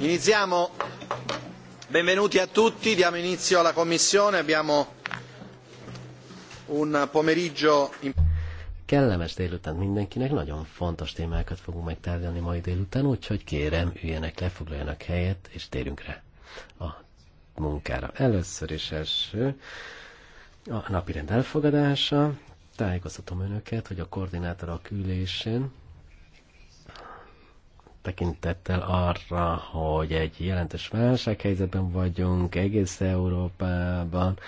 Iniziamo. Benvenuti a tutti, diamo inizio alla commissione, abbiamo un pomeriggio... Kellemes délután mindenkinek, nagyon fontos témákat fogunk megtárgyalni mai délután, úgyhogy kérem, üljenek le, foglaljanak helyet, és térjünk rá a munkára. Először is első a napirend elfogadása. Tájékoztatom önöket, hogy a koordinátor a tekintettel arra, hogy egy jelentős válsághelyzetben vagyunk egész Európában,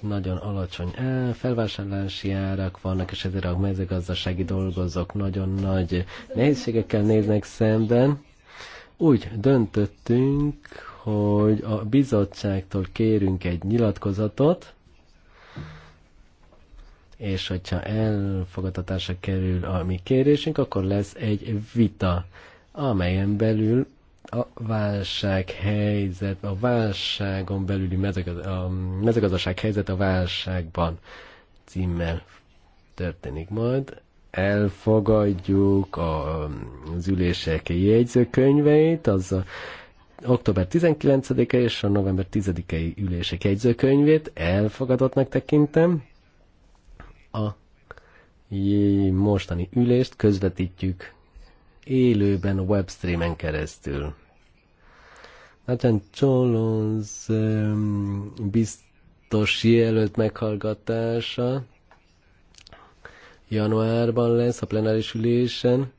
nagyon alacsony eh, felvásárlási árak vannak, és ezért a mezőgazdasági dolgozók nagyon nagy nehézségekkel néznek szemben. Úgy döntöttünk, hogy a bizottságtól kérünk egy nyilatkozatot, és hogyha elfogadatásra kerül a mi kérésünk, akkor lesz egy vita amelyen belül a válság helyzet, a válságon belüli mezőgazdaság, a mezőgazdaság helyzet a válságban címmel történik majd. Elfogadjuk a, az ülések jegyzőkönyveit, az a október 19-e és a november 10-i ülések jegyzőkönyvét elfogadottnak tekintem. A mostani ülést közvetítjük élőben webstreamen keresztül. Nathan Csolons um, biztos jelölt meghallgatása januárban lesz a plenáris ülésen.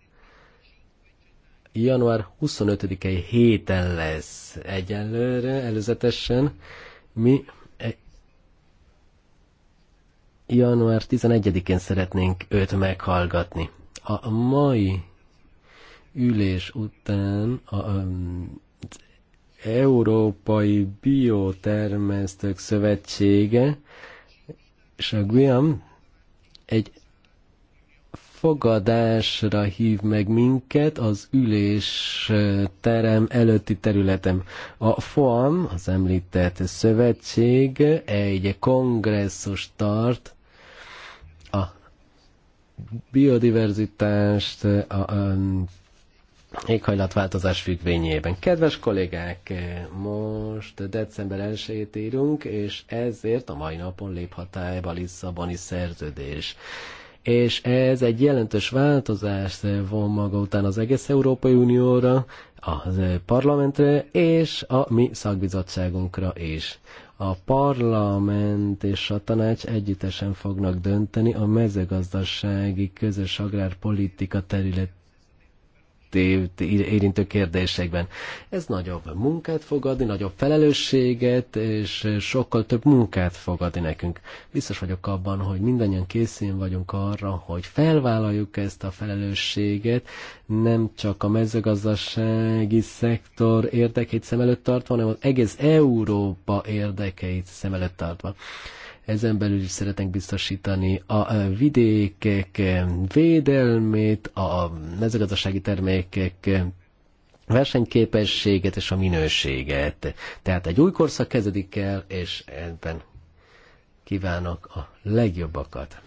Január 25 e héten lesz egyelőre, előzetesen. Mi e, január 11-én szeretnénk őt meghallgatni. A mai ülés után a, a Európai Biotermesztők Szövetsége és a Guillaume egy fogadásra hív meg minket az ülés terem előtti területem. A FOAM, az említett szövetség, egy kongresszus tart a biodiverzitást, a, a éghajlatváltozás függvényében. Kedves kollégák, most december 1-ét írunk, és ezért a mai napon lép hatályba a Lisszaboni szerződés. És ez egy jelentős változás von maga után az egész Európai Unióra, a parlamentre és a mi szakbizottságunkra is. A parlament és a tanács együttesen fognak dönteni a mezőgazdasági közös agrárpolitika terület érintő kérdésekben. Ez nagyobb munkát fog adni, nagyobb felelősséget, és sokkal több munkát fog adni nekünk. Biztos vagyok abban, hogy mindannyian készén vagyunk arra, hogy felvállaljuk ezt a felelősséget, nem csak a mezőgazdasági szektor érdekeit szem előtt tartva, hanem az egész Európa érdekeit szem előtt tartva. Ezen belül is szeretnénk biztosítani a e, vidékek e, védelmét, a mezőgazdasági termékek e, versenyképességet és a minőséget. Tehát egy új korszak kezdődik el, és ebben kívánok a legjobbakat.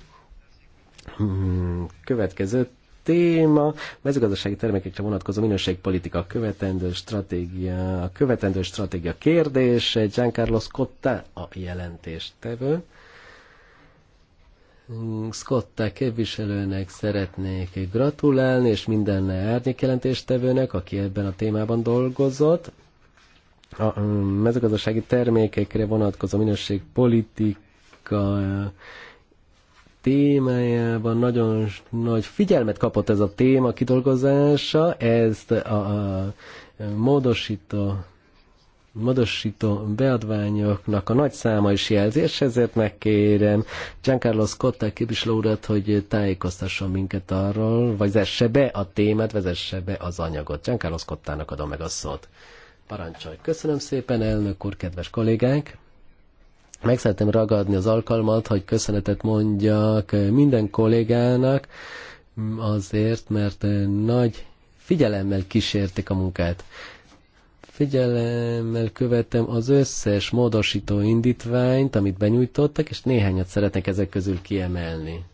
Hmm, következő téma, mezőgazdasági termékekre vonatkozó minőségpolitika, követendő stratégia, a követendő stratégia kérdés, Giancarlo Scotta a jelentéstevő. Scotta képviselőnek szeretnék gratulálni, és minden árnyék jelentéstevőnek, aki ebben a témában dolgozott. A mezőgazdasági termékekre vonatkozó minőségpolitika témájában nagyon nagy figyelmet kapott ez a téma kidolgozása, ezt a, a módosító módosító beadványoknak a nagy száma is jelzi, és ezért megkérem Giancarlo Scotta képviselő urat, hogy tájékoztasson minket arról, vagy vezesse be a témát, vezesse be az anyagot. Giancarlo Scottának adom meg a szót. Parancsolj. Köszönöm szépen, elnök úr, kedves kollégánk! Meg szeretném ragadni az alkalmat, hogy köszönetet mondjak minden kollégának, azért, mert nagy figyelemmel kísérték a munkát. Figyelemmel követem az összes módosító indítványt, amit benyújtottak, és néhányat szeretnék ezek közül kiemelni.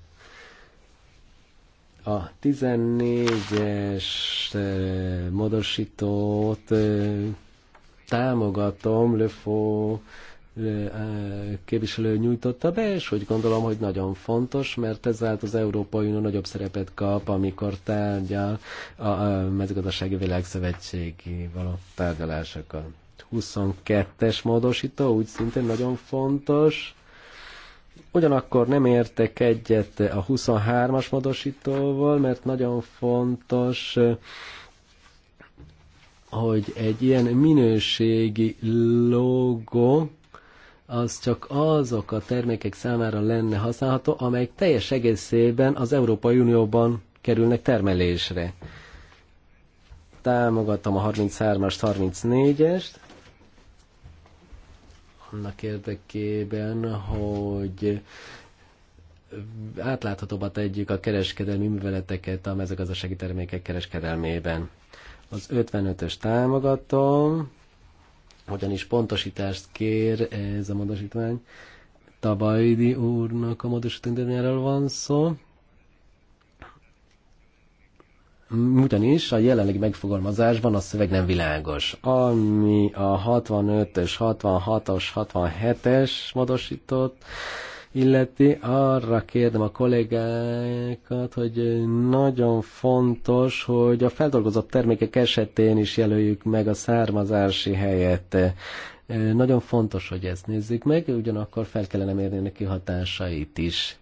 A 14-es eh, módosítót eh, támogatom, Lefo képviselő nyújtotta be, és úgy gondolom, hogy nagyon fontos, mert ezáltal az Európai Unió nagyobb szerepet kap, amikor tárgyal a, mezőgazdasági világszövetségi való tárgyalásokat. 22-es módosító, úgy szintén nagyon fontos. Ugyanakkor nem értek egyet a 23-as módosítóval, mert nagyon fontos, hogy egy ilyen minőségi logo, az csak azok a termékek számára lenne használható, amelyek teljes egészében az Európai Unióban kerülnek termelésre. Támogattam a 33 as 34-est, annak érdekében, hogy átláthatóbbá tegyük a kereskedelmi műveleteket a mezőgazdasági termékek kereskedelmében. Az 55-ös támogatom, ugyanis pontosítást kér ez a módosítvány. Tabajdi úrnak a módosítványáról van szó. Ugyanis a jelenlegi megfogalmazásban a szöveg nem világos. Ami a 65-ös, 66-os, 67-es módosított, illeti, arra kérdem a kollégákat, hogy nagyon fontos, hogy a feldolgozott termékek esetén is jelöljük meg a származási helyet. Nagyon fontos, hogy ezt nézzük meg, ugyanakkor fel kellene mérni neki hatásait is.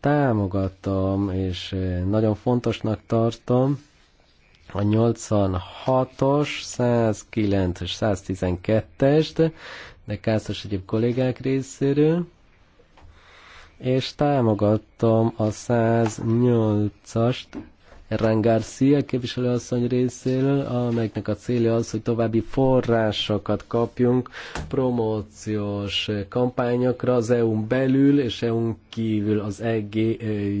Támogatom, és nagyon fontosnak tartom, a 86-os, 109-es, 112-est, de Kászos egyéb kollégák részéről és támogattam a 108-ast Eren Garcia képviselőasszony részéről, amelynek a célja az, hogy további forrásokat kapjunk promóciós kampányokra az EU-n belül és EU-n kívül az EG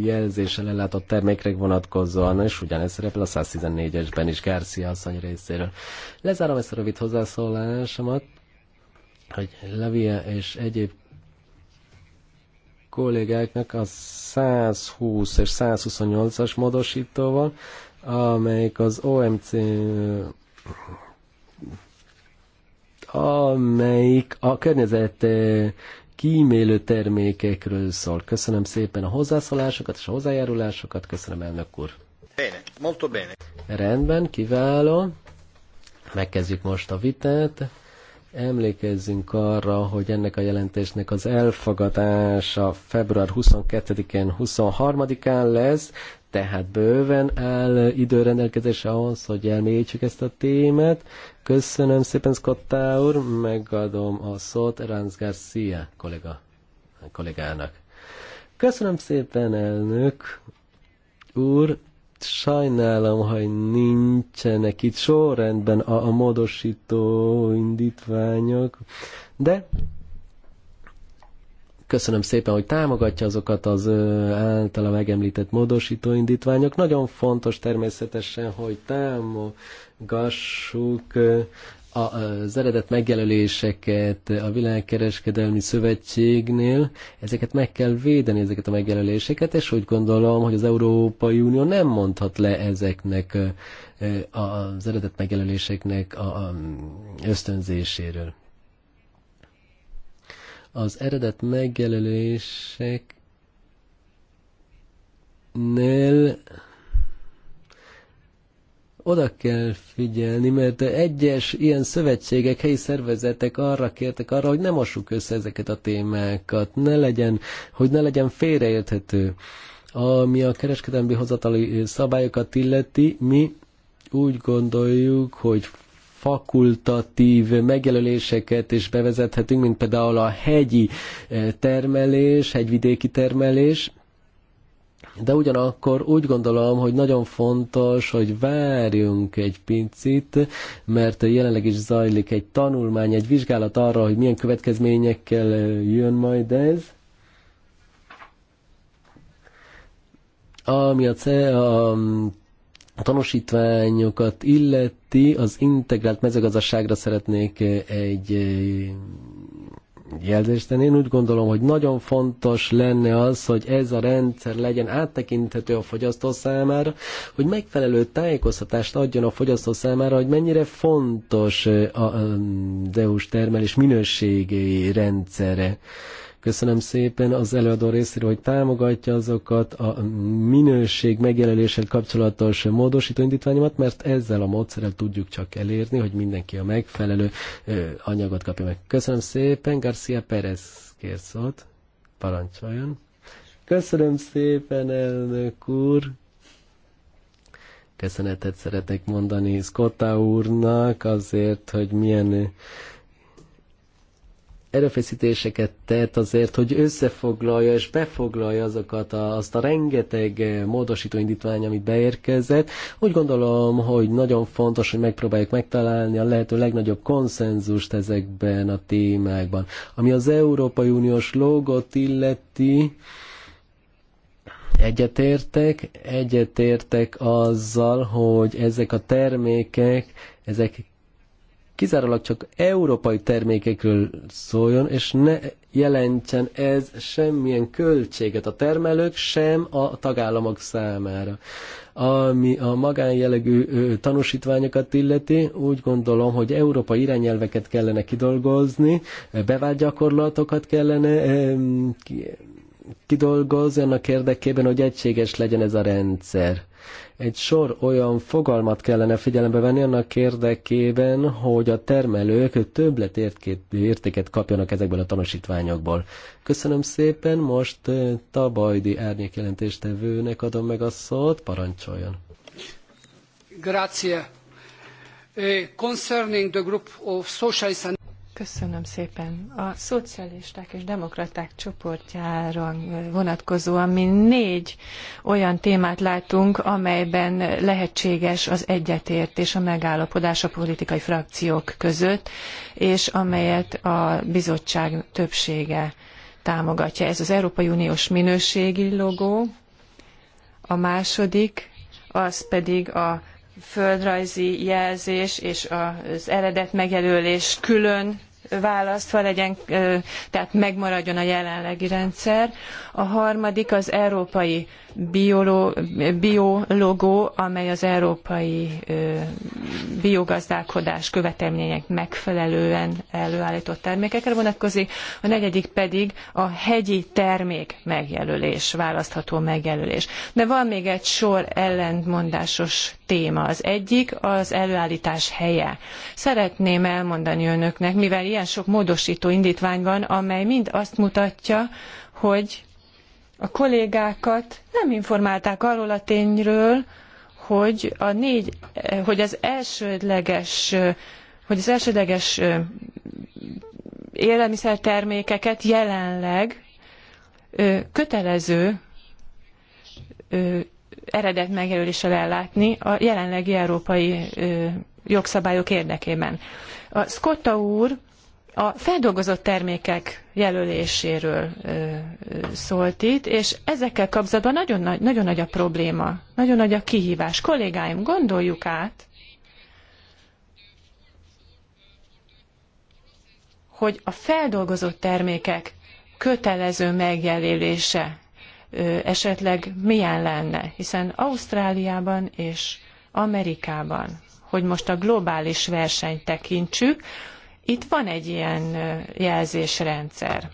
jelzéssel ellátott termékre vonatkozóan, és ugyanez szerepel a 114-esben is Garcia asszony részéről. Lezárom ezt a rövid hozzászólásomat, hogy Levia és egyéb kollégáknak a 120 és 128-as módosítóval, amelyik az OMC amelyik a környezet eh, kímélő termékekről szól. Köszönöm szépen a hozzászólásokat és a hozzájárulásokat. Köszönöm, elnök úr. Bene, molto bene. Rendben, kiváló. Megkezdjük most a vitát. Emlékezzünk arra, hogy ennek a jelentésnek az elfogadása február 22-én, 23-án lesz, tehát bőven áll időrendelkezés ahhoz, hogy elmélyítsük ezt a témát. Köszönöm szépen, Scottá úr, megadom a szót Ranz Garcia kollega, kollégának. Köszönöm szépen, elnök úr, Sajnálom, hogy nincsenek itt sorrendben a, a módosító indítványok, de köszönöm szépen, hogy támogatja azokat az általa megemlített módosító indítványok. Nagyon fontos természetesen, hogy támogassuk az eredet megjelöléseket a Világkereskedelmi Szövetségnél, ezeket meg kell védeni, ezeket a megjelöléseket, és úgy gondolom, hogy az Európai Unió nem mondhat le ezeknek az eredet megjelöléseknek a ösztönzéséről. Az eredet megjelölések nél oda kell figyelni, mert egyes ilyen szövetségek, helyi szervezetek arra kértek arra, hogy ne mossuk össze ezeket a témákat, ne legyen, hogy ne legyen félreérthető. Ami a kereskedelmi hozatali szabályokat illeti, mi úgy gondoljuk, hogy fakultatív megjelöléseket is bevezethetünk, mint például a hegyi eh, termelés, hegyvidéki termelés, de ugyanakkor úgy gondolom, hogy nagyon fontos, hogy várjunk egy picit, mert jelenleg is zajlik egy tanulmány, egy vizsgálat arra, hogy milyen következményekkel jön majd ez. Ami a, a a tanúsítványokat illeti, az integrált mezőgazdaságra szeretnék egy jelzést tenni. Én úgy gondolom, hogy nagyon fontos lenne az, hogy ez a rendszer legyen áttekinthető a fogyasztó számára, hogy megfelelő tájékoztatást adjon a fogyasztó számára, hogy mennyire fontos a EU-s termelés minőségi rendszere. Köszönöm szépen az előadó részéről, hogy támogatja azokat a minőség megjelenéssel kapcsolatos módosító indítványomat, mert ezzel a módszerrel tudjuk csak elérni, hogy mindenki a megfelelő anyagot kapja meg. Köszönöm szépen, Garcia Perez kér szót. Parancsoljon. Köszönöm szépen, elnök úr köszönetet szeretek mondani Scotta úrnak azért, hogy milyen erőfeszítéseket tett azért, hogy összefoglalja és befoglalja azokat a, azt a rengeteg eh, módosító indítvány, amit beérkezett. Úgy gondolom, hogy nagyon fontos, hogy megpróbáljuk megtalálni a lehető legnagyobb konszenzust ezekben a témákban. Ami az Európai Uniós logot illeti, egyetértek, egyetértek azzal, hogy ezek a termékek, ezek kizárólag csak európai termékekről szóljon, és ne jelentsen ez semmilyen költséget a termelők, sem a tagállamok számára. Ami a magánjellegű tanúsítványokat illeti, úgy gondolom, hogy európai irányelveket kellene kidolgozni, bevált gyakorlatokat kellene kidolgoz annak érdekében, hogy egységes legyen ez a rendszer. Egy sor olyan fogalmat kellene figyelembe venni annak érdekében, hogy a termelők több értéket kapjanak ezekből a tanúsítványokból. Köszönöm szépen, most Tabajdi árnyék jelentéstevőnek adom meg a szót, parancsoljon. Grazie. Eh, concerning the group of socialists and Köszönöm szépen. A szocialisták és demokraták csoportjára vonatkozóan mi négy olyan témát látunk, amelyben lehetséges az egyetértés, a megállapodás a politikai frakciók között, és amelyet a bizottság többsége támogatja. Ez az Európai Uniós minőségi logó, a második, az pedig a földrajzi jelzés és az eredet megjelölés külön választva legyen, tehát megmaradjon a jelenlegi rendszer. A harmadik az európai biologó, amely az európai biogazdálkodás követelmények megfelelően előállított termékekre vonatkozik. A negyedik pedig a hegyi termék megjelölés, választható megjelölés. De van még egy sor ellentmondásos téma. Az egyik az előállítás helye. Szeretném elmondani önöknek, mivel ilyen sok módosító indítvány van, amely mind azt mutatja, hogy a kollégákat nem informálták arról a tényről, hogy, a négy, hogy az elsődleges hogy az elsődleges élelmiszertermékeket jelenleg kötelező eredet megjelöléssel ellátni a jelenlegi európai jogszabályok érdekében. A Scotta úr a feldolgozott termékek jelöléséről szólt itt, és ezekkel kapcsolatban nagyon nagy, nagyon nagy a probléma, nagyon nagy a kihívás. Kollégáim, gondoljuk át, hogy a feldolgozott termékek kötelező megjelölése esetleg milyen lenne, hiszen Ausztráliában és Amerikában, hogy most a globális versenyt tekintsük, itt van egy ilyen jelzésrendszer.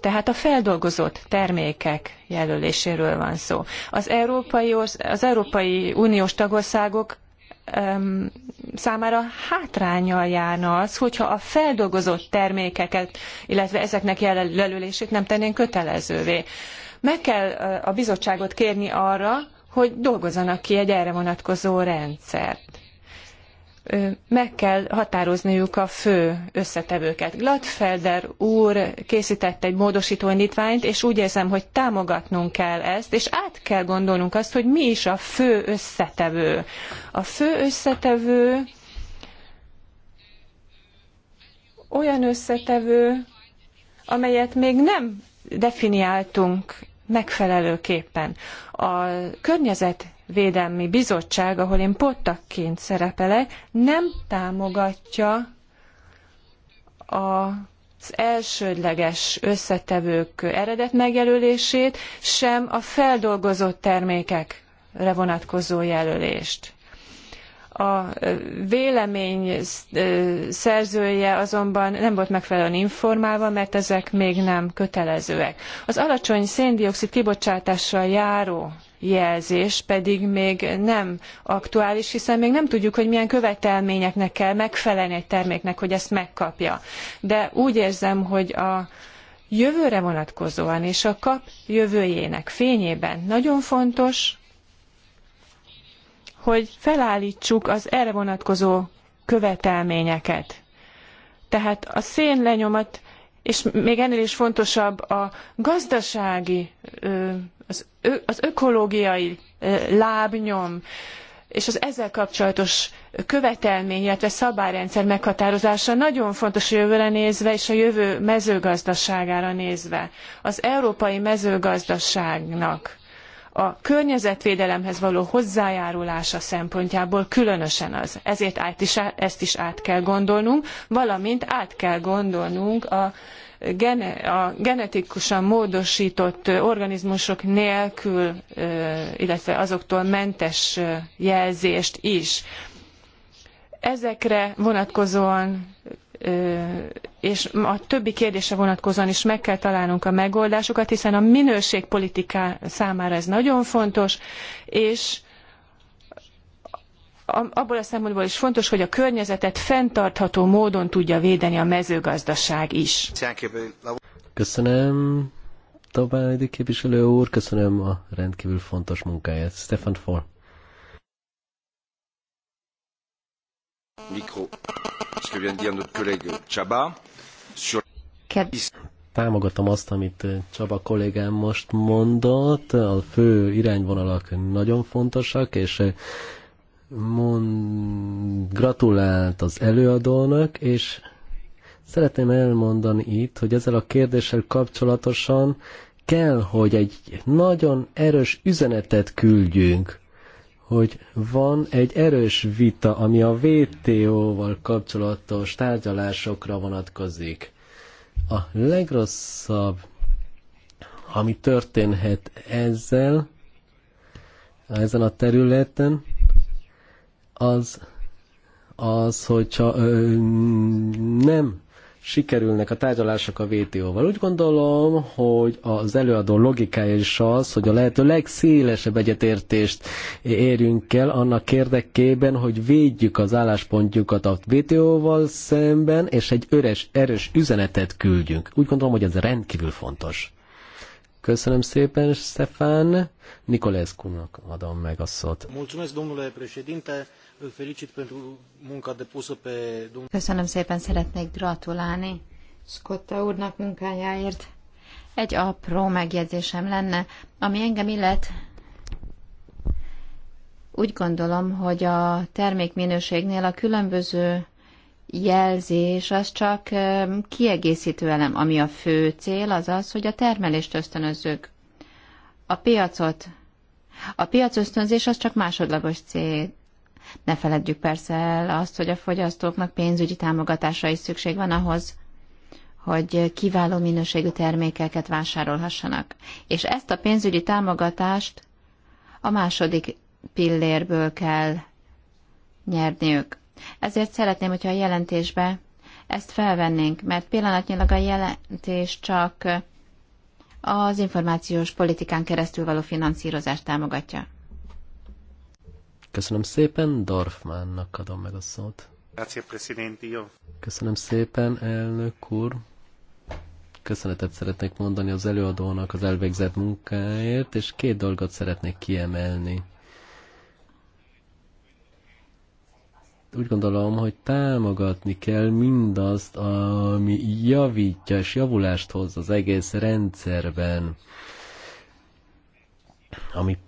Tehát a feldolgozott termékek jelöléséről van szó. Az Európai, az Európai Uniós tagországok öm, számára hátrányal járna az, hogyha a feldolgozott termékeket, illetve ezeknek jelölését nem tennénk kötelezővé. Meg kell a bizottságot kérni arra, hogy dolgozzanak ki egy erre vonatkozó rendszert meg kell határozniuk a fő összetevőket. Gladfelder úr készített egy módosító indítványt, és úgy érzem, hogy támogatnunk kell ezt, és át kell gondolnunk azt, hogy mi is a fő összetevő. A fő összetevő olyan összetevő, amelyet még nem definiáltunk megfelelőképpen. A környezet Védelmi Bizottság, ahol én pottakként szerepelek, nem támogatja az elsődleges összetevők eredet megjelölését, sem a feldolgozott termékekre vonatkozó jelölést. A vélemény szerzője azonban nem volt megfelelően informálva, mert ezek még nem kötelezőek. Az alacsony szén-dioxid kibocsátással járó jelzés pedig még nem aktuális, hiszen még nem tudjuk, hogy milyen követelményeknek kell megfelelni egy terméknek, hogy ezt megkapja. De úgy érzem, hogy a jövőre vonatkozóan és a kap jövőjének fényében nagyon fontos, hogy felállítsuk az erre vonatkozó követelményeket. Tehát a szén lenyomat, és még ennél is fontosabb a gazdasági az, ö, az ökológiai lábnyom és az ezzel kapcsolatos követelmény, illetve szabályrendszer meghatározása nagyon fontos a jövőre nézve és a jövő mezőgazdaságára nézve. Az európai mezőgazdaságnak a környezetvédelemhez való hozzájárulása szempontjából különösen az. Ezért át is, ezt is át kell gondolnunk, valamint át kell gondolnunk a gene, a genetikusan módosított organizmusok nélkül, illetve azoktól mentes jelzést is. Ezekre vonatkozóan és a többi kérdése vonatkozóan is meg kell találnunk a megoldásokat, hiszen a minőségpolitika számára ez nagyon fontos, és abból a szempontból is fontos, hogy a környezetet fenntartható módon tudja védeni a mezőgazdaság is. Köszönöm, További képviselő úr, köszönöm a rendkívül fontos munkáját. Stefan For. Mikro. Ce que vient Chaba sur támogatom azt, amit Csaba kollégám most mondott, a fő irányvonalak nagyon fontosak, és mond, gratulált az előadónak, és szeretném elmondani itt, hogy ezzel a kérdéssel kapcsolatosan kell, hogy egy nagyon erős üzenetet küldjünk, hogy van egy erős vita, ami a WTO-val kapcsolatos tárgyalásokra vonatkozik. A legrosszabb, ami történhet ezzel, ezen a területen, az, az hogyha ö, nem sikerülnek a tárgyalások a VTO-val. Úgy gondolom, hogy az előadó logikája is az, hogy a lehető legszélesebb egyetértést érjünk el annak érdekében, hogy védjük az álláspontjukat a VTO-val szemben, és egy öres, erős üzenetet küldjünk. Úgy gondolom, hogy ez rendkívül fontos. Köszönöm szépen, Stefan. Nikolászkunak adom meg a szót. Mulțumesc, domnule președinte. Îl Köszönöm szépen, szeretnék gratulálni Scotta úrnak munkájáért. Egy apró megjegyzésem lenne, ami engem illet, úgy gondolom, hogy a termékminőségnél a különböző jelzés az csak kiegészítő elem, ami a fő cél az az, hogy a termelést ösztönözzük. A piacot. A piac ösztönzés az csak másodlagos cél, ne feledjük persze el azt, hogy a fogyasztóknak pénzügyi támogatásra is szükség van ahhoz, hogy kiváló minőségű termékeket vásárolhassanak. És ezt a pénzügyi támogatást a második pillérből kell nyerniük. Ezért szeretném, hogyha a jelentésbe ezt felvennénk, mert pillanatnyilag a jelentés csak az információs politikán keresztül való finanszírozást támogatja. Köszönöm szépen, Dorfmánnak adom meg a szót. Köszönöm szépen, elnök úr. Köszönetet szeretnék mondani az előadónak az elvégzett munkáért, és két dolgot szeretnék kiemelni. Úgy gondolom, hogy támogatni kell mindazt, ami javítja és javulást hoz az egész rendszerben ami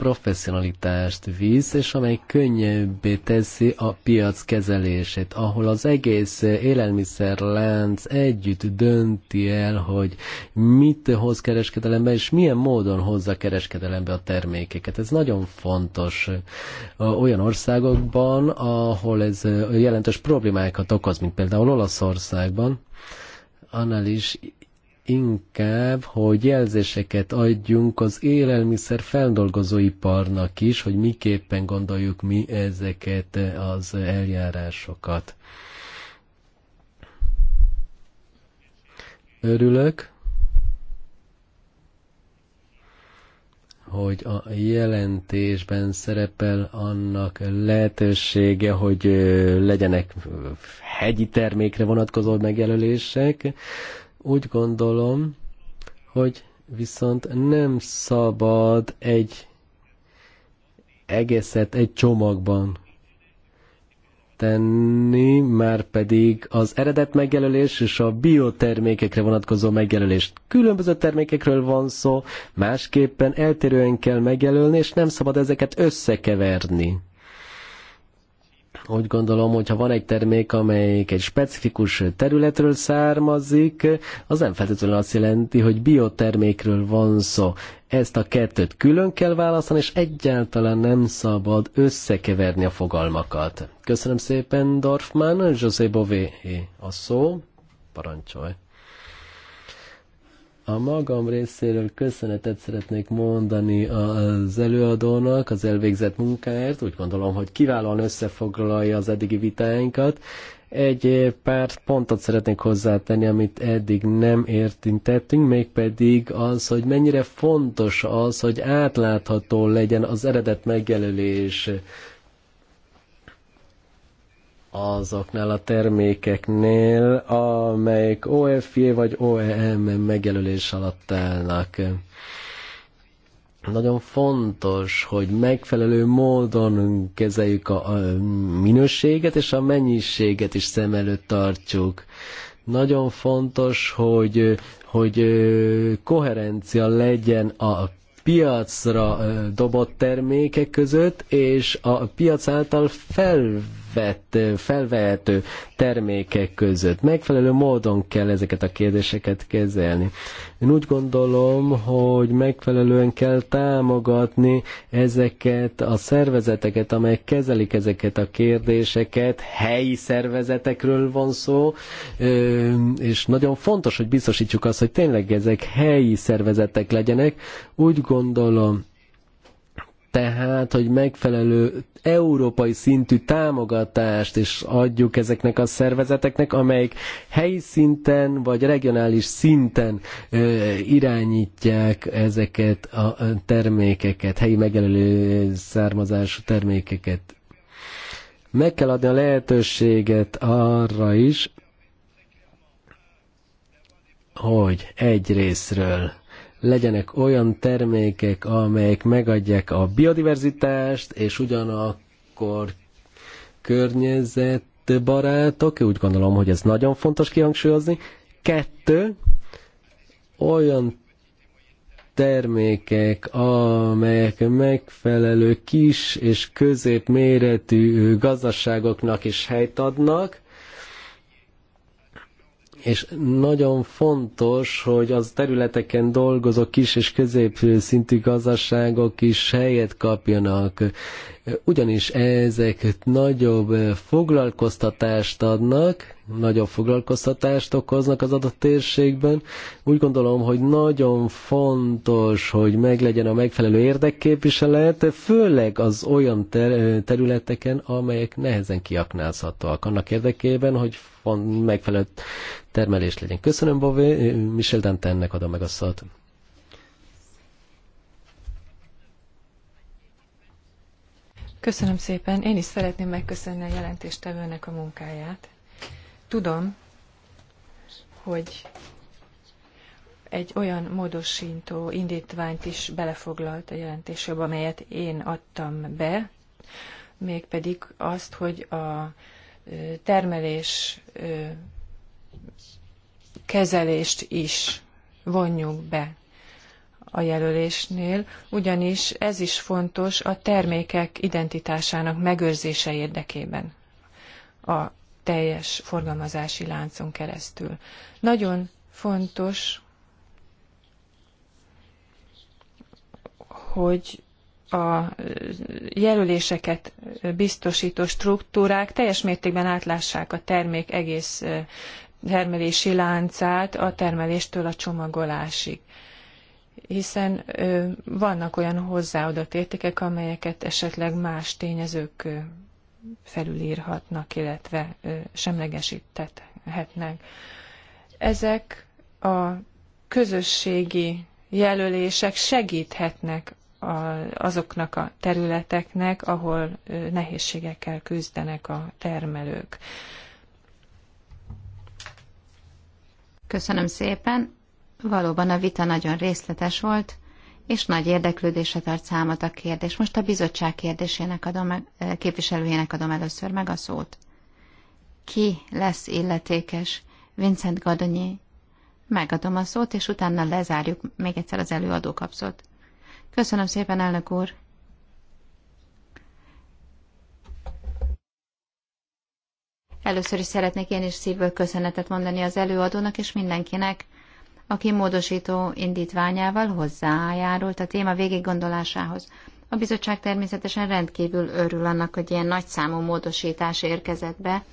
professzionalitást visz, és amely könnyebbé teszi a piac kezelését, ahol az egész élelmiszerlánc együtt dönti el, hogy mit hoz kereskedelembe, és milyen módon hozza kereskedelembe a termékeket. Ez nagyon fontos olyan országokban, ahol ez jelentős problémákat okoz, mint például Olaszországban, annál is inkább, hogy jelzéseket adjunk az élelmiszer feldolgozóiparnak is, hogy miképpen gondoljuk mi ezeket az eljárásokat. Örülök, hogy a jelentésben szerepel annak lehetősége, hogy legyenek hegyi termékre vonatkozó megjelölések. Úgy gondolom, hogy viszont nem szabad egy egészet egy csomagban tenni, már pedig az eredet megjelölés és a biotermékekre vonatkozó megjelölés. Különböző termékekről van szó, másképpen eltérően kell megjelölni, és nem szabad ezeket összekeverni. Úgy gondolom, hogyha van egy termék, amelyik egy specifikus területről származik, az nem feltétlenül azt jelenti, hogy biotermékről van szó. Ezt a kettőt külön kell választani, és egyáltalán nem szabad összekeverni a fogalmakat. Köszönöm szépen, Dorfman, José Bové a szó. Parancsolj! A magam részéről köszönetet szeretnék mondani az előadónak az elvégzett munkáért. Úgy gondolom, hogy kiválóan összefoglalja az eddigi vitáinkat. Egy pár pontot szeretnék hozzátenni, amit eddig nem értintettünk, mégpedig az, hogy mennyire fontos az, hogy átlátható legyen az eredet megjelölés azoknál a termékeknél, amelyek OFJ vagy OEM megjelölés alatt állnak. Nagyon fontos, hogy megfelelő módon kezeljük a, minőséget és a mennyiséget is szem előtt tartjuk. Nagyon fontos, hogy, hogy koherencia legyen a piacra dobott termékek között, és a piac által fel vett, felvehető termékek között. Megfelelő módon kell ezeket a kérdéseket kezelni. Én úgy gondolom, hogy megfelelően kell támogatni ezeket a szervezeteket, amelyek kezelik ezeket a kérdéseket. Helyi szervezetekről van szó, és nagyon fontos, hogy biztosítsuk azt, hogy tényleg ezek helyi szervezetek legyenek. Úgy gondolom, tehát, hogy megfelelő európai szintű támogatást is adjuk ezeknek a szervezeteknek, amelyik helyi szinten vagy regionális szinten ö, irányítják ezeket a termékeket, helyi megjelölő származású termékeket. Meg kell adni a lehetőséget arra is, hogy egy részről legyenek olyan termékek, amelyek megadják a biodiverzitást, és ugyanakkor környezetbarátok, úgy gondolom, hogy ez nagyon fontos kihangsúlyozni. Kettő, olyan termékek, amelyek megfelelő kis és középméretű gazdaságoknak is helyt adnak, és nagyon fontos, hogy az területeken dolgozó kis és középszintű gazdaságok is helyet kapjanak, ugyanis ezek nagyobb eh, foglalkoztatást adnak, nagyobb foglalkoztatást okoznak az adott térségben. Úgy gondolom, hogy nagyon fontos, hogy meglegyen a megfelelő érdekképviselet, főleg az olyan ter- eh, területeken, amelyek nehezen kiaknázhatóak. Annak érdekében, hogy megfelelő termelés legyen. Köszönöm, Bové, eh, Michel ennek adom meg a szót. Köszönöm szépen. Én is szeretném megköszönni a jelentéstevőnek a munkáját. Tudom, hogy egy olyan módosító indítványt is belefoglalt a jelentésebe, amelyet én adtam be, mégpedig azt, hogy a termelés kezelést is vonjuk be a jelölésnél, ugyanis ez is fontos a termékek identitásának megőrzése érdekében a teljes forgalmazási láncon keresztül. Nagyon fontos, hogy a jelöléseket biztosító struktúrák teljes mértékben átlássák a termék egész termelési láncát a termeléstől a csomagolásig hiszen vannak olyan hozzáadott értékek, amelyeket esetleg más tényezők felülírhatnak, illetve semlegesíthetnek. Ezek a közösségi jelölések segíthetnek azoknak a területeknek, ahol nehézségekkel küzdenek a termelők. Köszönöm szépen. Valóban a vita nagyon részletes volt, és nagy érdeklődésre tart számot a kérdés. Most a bizottság kérdésének adom meg, képviselőjének adom először meg a szót. Ki lesz illetékes? Vincent Gadonyi. Megadom a szót, és utána lezárjuk még egyszer az előadó kapszót. Köszönöm szépen, elnök úr! Először is szeretnék én is szívből köszönetet mondani az előadónak és mindenkinek, aki módosító indítványával hozzájárult a téma végiggondolásához. A bizottság természetesen rendkívül örül annak, hogy ilyen nagyszámú módosítás érkezett be.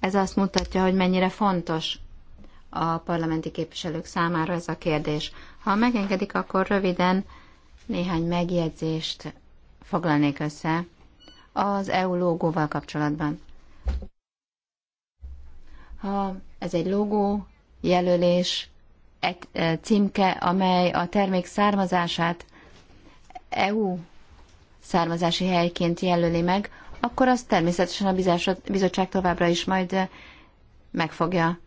Ez azt mutatja, hogy mennyire fontos a parlamenti képviselők számára ez a kérdés. Ha megengedik, akkor röviden néhány megjegyzést foglalnék össze az EU logóval kapcsolatban. Ha ez egy logó, jelölés, egy címke, amely a termék származását EU származási helyként jelöli meg, akkor azt természetesen a bizottság továbbra is majd meg fogja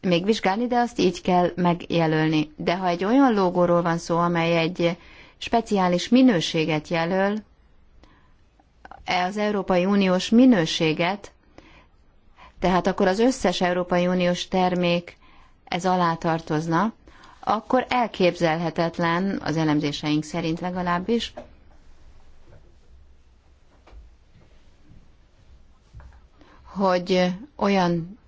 még vizsgálni, de azt így kell megjelölni. De ha egy olyan logóról van szó, amely egy speciális minőséget jelöl, e az Európai Uniós minőséget, tehát akkor az összes Európai Uniós termék ez alá tartozna, akkor elképzelhetetlen, az elemzéseink szerint legalábbis, hogy olyan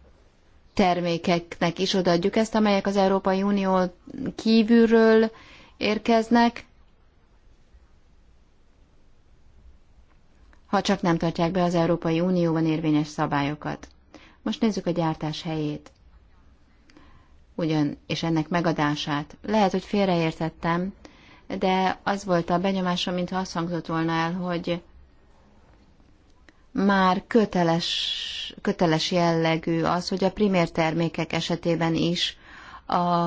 termékeknek is odaadjuk ezt, amelyek az Európai Unió kívülről érkeznek, ha csak nem tartják be az Európai Unióban érvényes szabályokat. Most nézzük a gyártás helyét ugyan, és ennek megadását. Lehet, hogy félreértettem, de az volt a benyomásom, mintha azt hangzott volna el, hogy már köteles, köteles jellegű az, hogy a primér termékek esetében is a,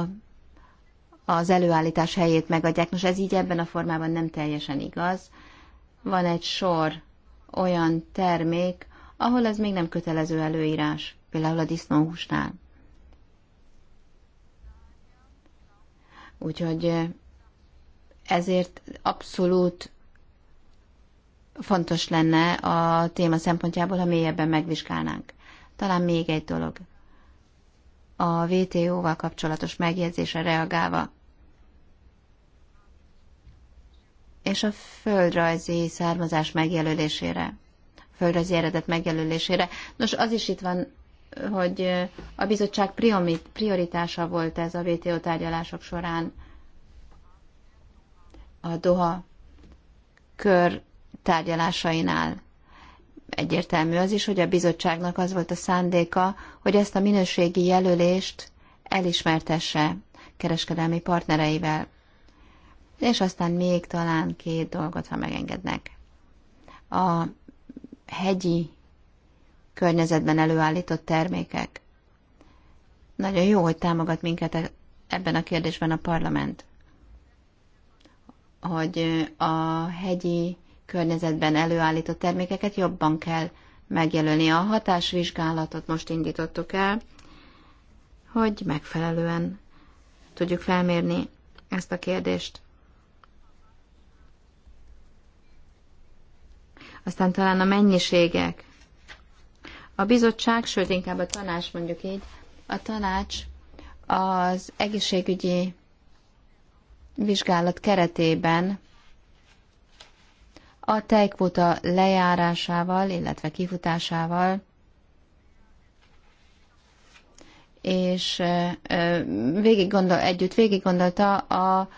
az előállítás helyét megadják. Nos, ez így ebben a formában nem teljesen igaz. Van egy sor olyan termék, ahol ez még nem kötelező előírás, például a disznóhúsnál. Úgyhogy eh, ezért abszolút fontos lenne a téma szempontjából, ha mélyebben megvizsgálnánk. Talán még egy dolog. A VTO-val kapcsolatos megjegyzésre reagálva. És a földrajzi származás megjelölésére. Földrajzi eredet megjelölésére. Nos, az is itt van hogy a bizottság prioritása volt ez a WTO tárgyalások során a Doha kör tárgyalásainál. Egyértelmű az is, hogy a bizottságnak az volt a szándéka, hogy ezt a minőségi jelölést elismertesse kereskedelmi partnereivel. És aztán még talán két dolgot, ha megengednek. A hegyi környezetben előállított termékek. Nagyon jó, hogy támogat minket e- ebben a kérdésben a parlament, hogy a hegyi környezetben előállított termékeket jobban kell megjelölni. A hatásvizsgálatot most indítottuk el, hogy megfelelően tudjuk felmérni ezt a kérdést. Aztán talán a mennyiségek a bizottság, sőt inkább a tanács mondjuk így, a tanács az egészségügyi vizsgálat keretében a tejkvóta lejárásával, illetve kifutásával és végig gondol, együtt végig gondolta a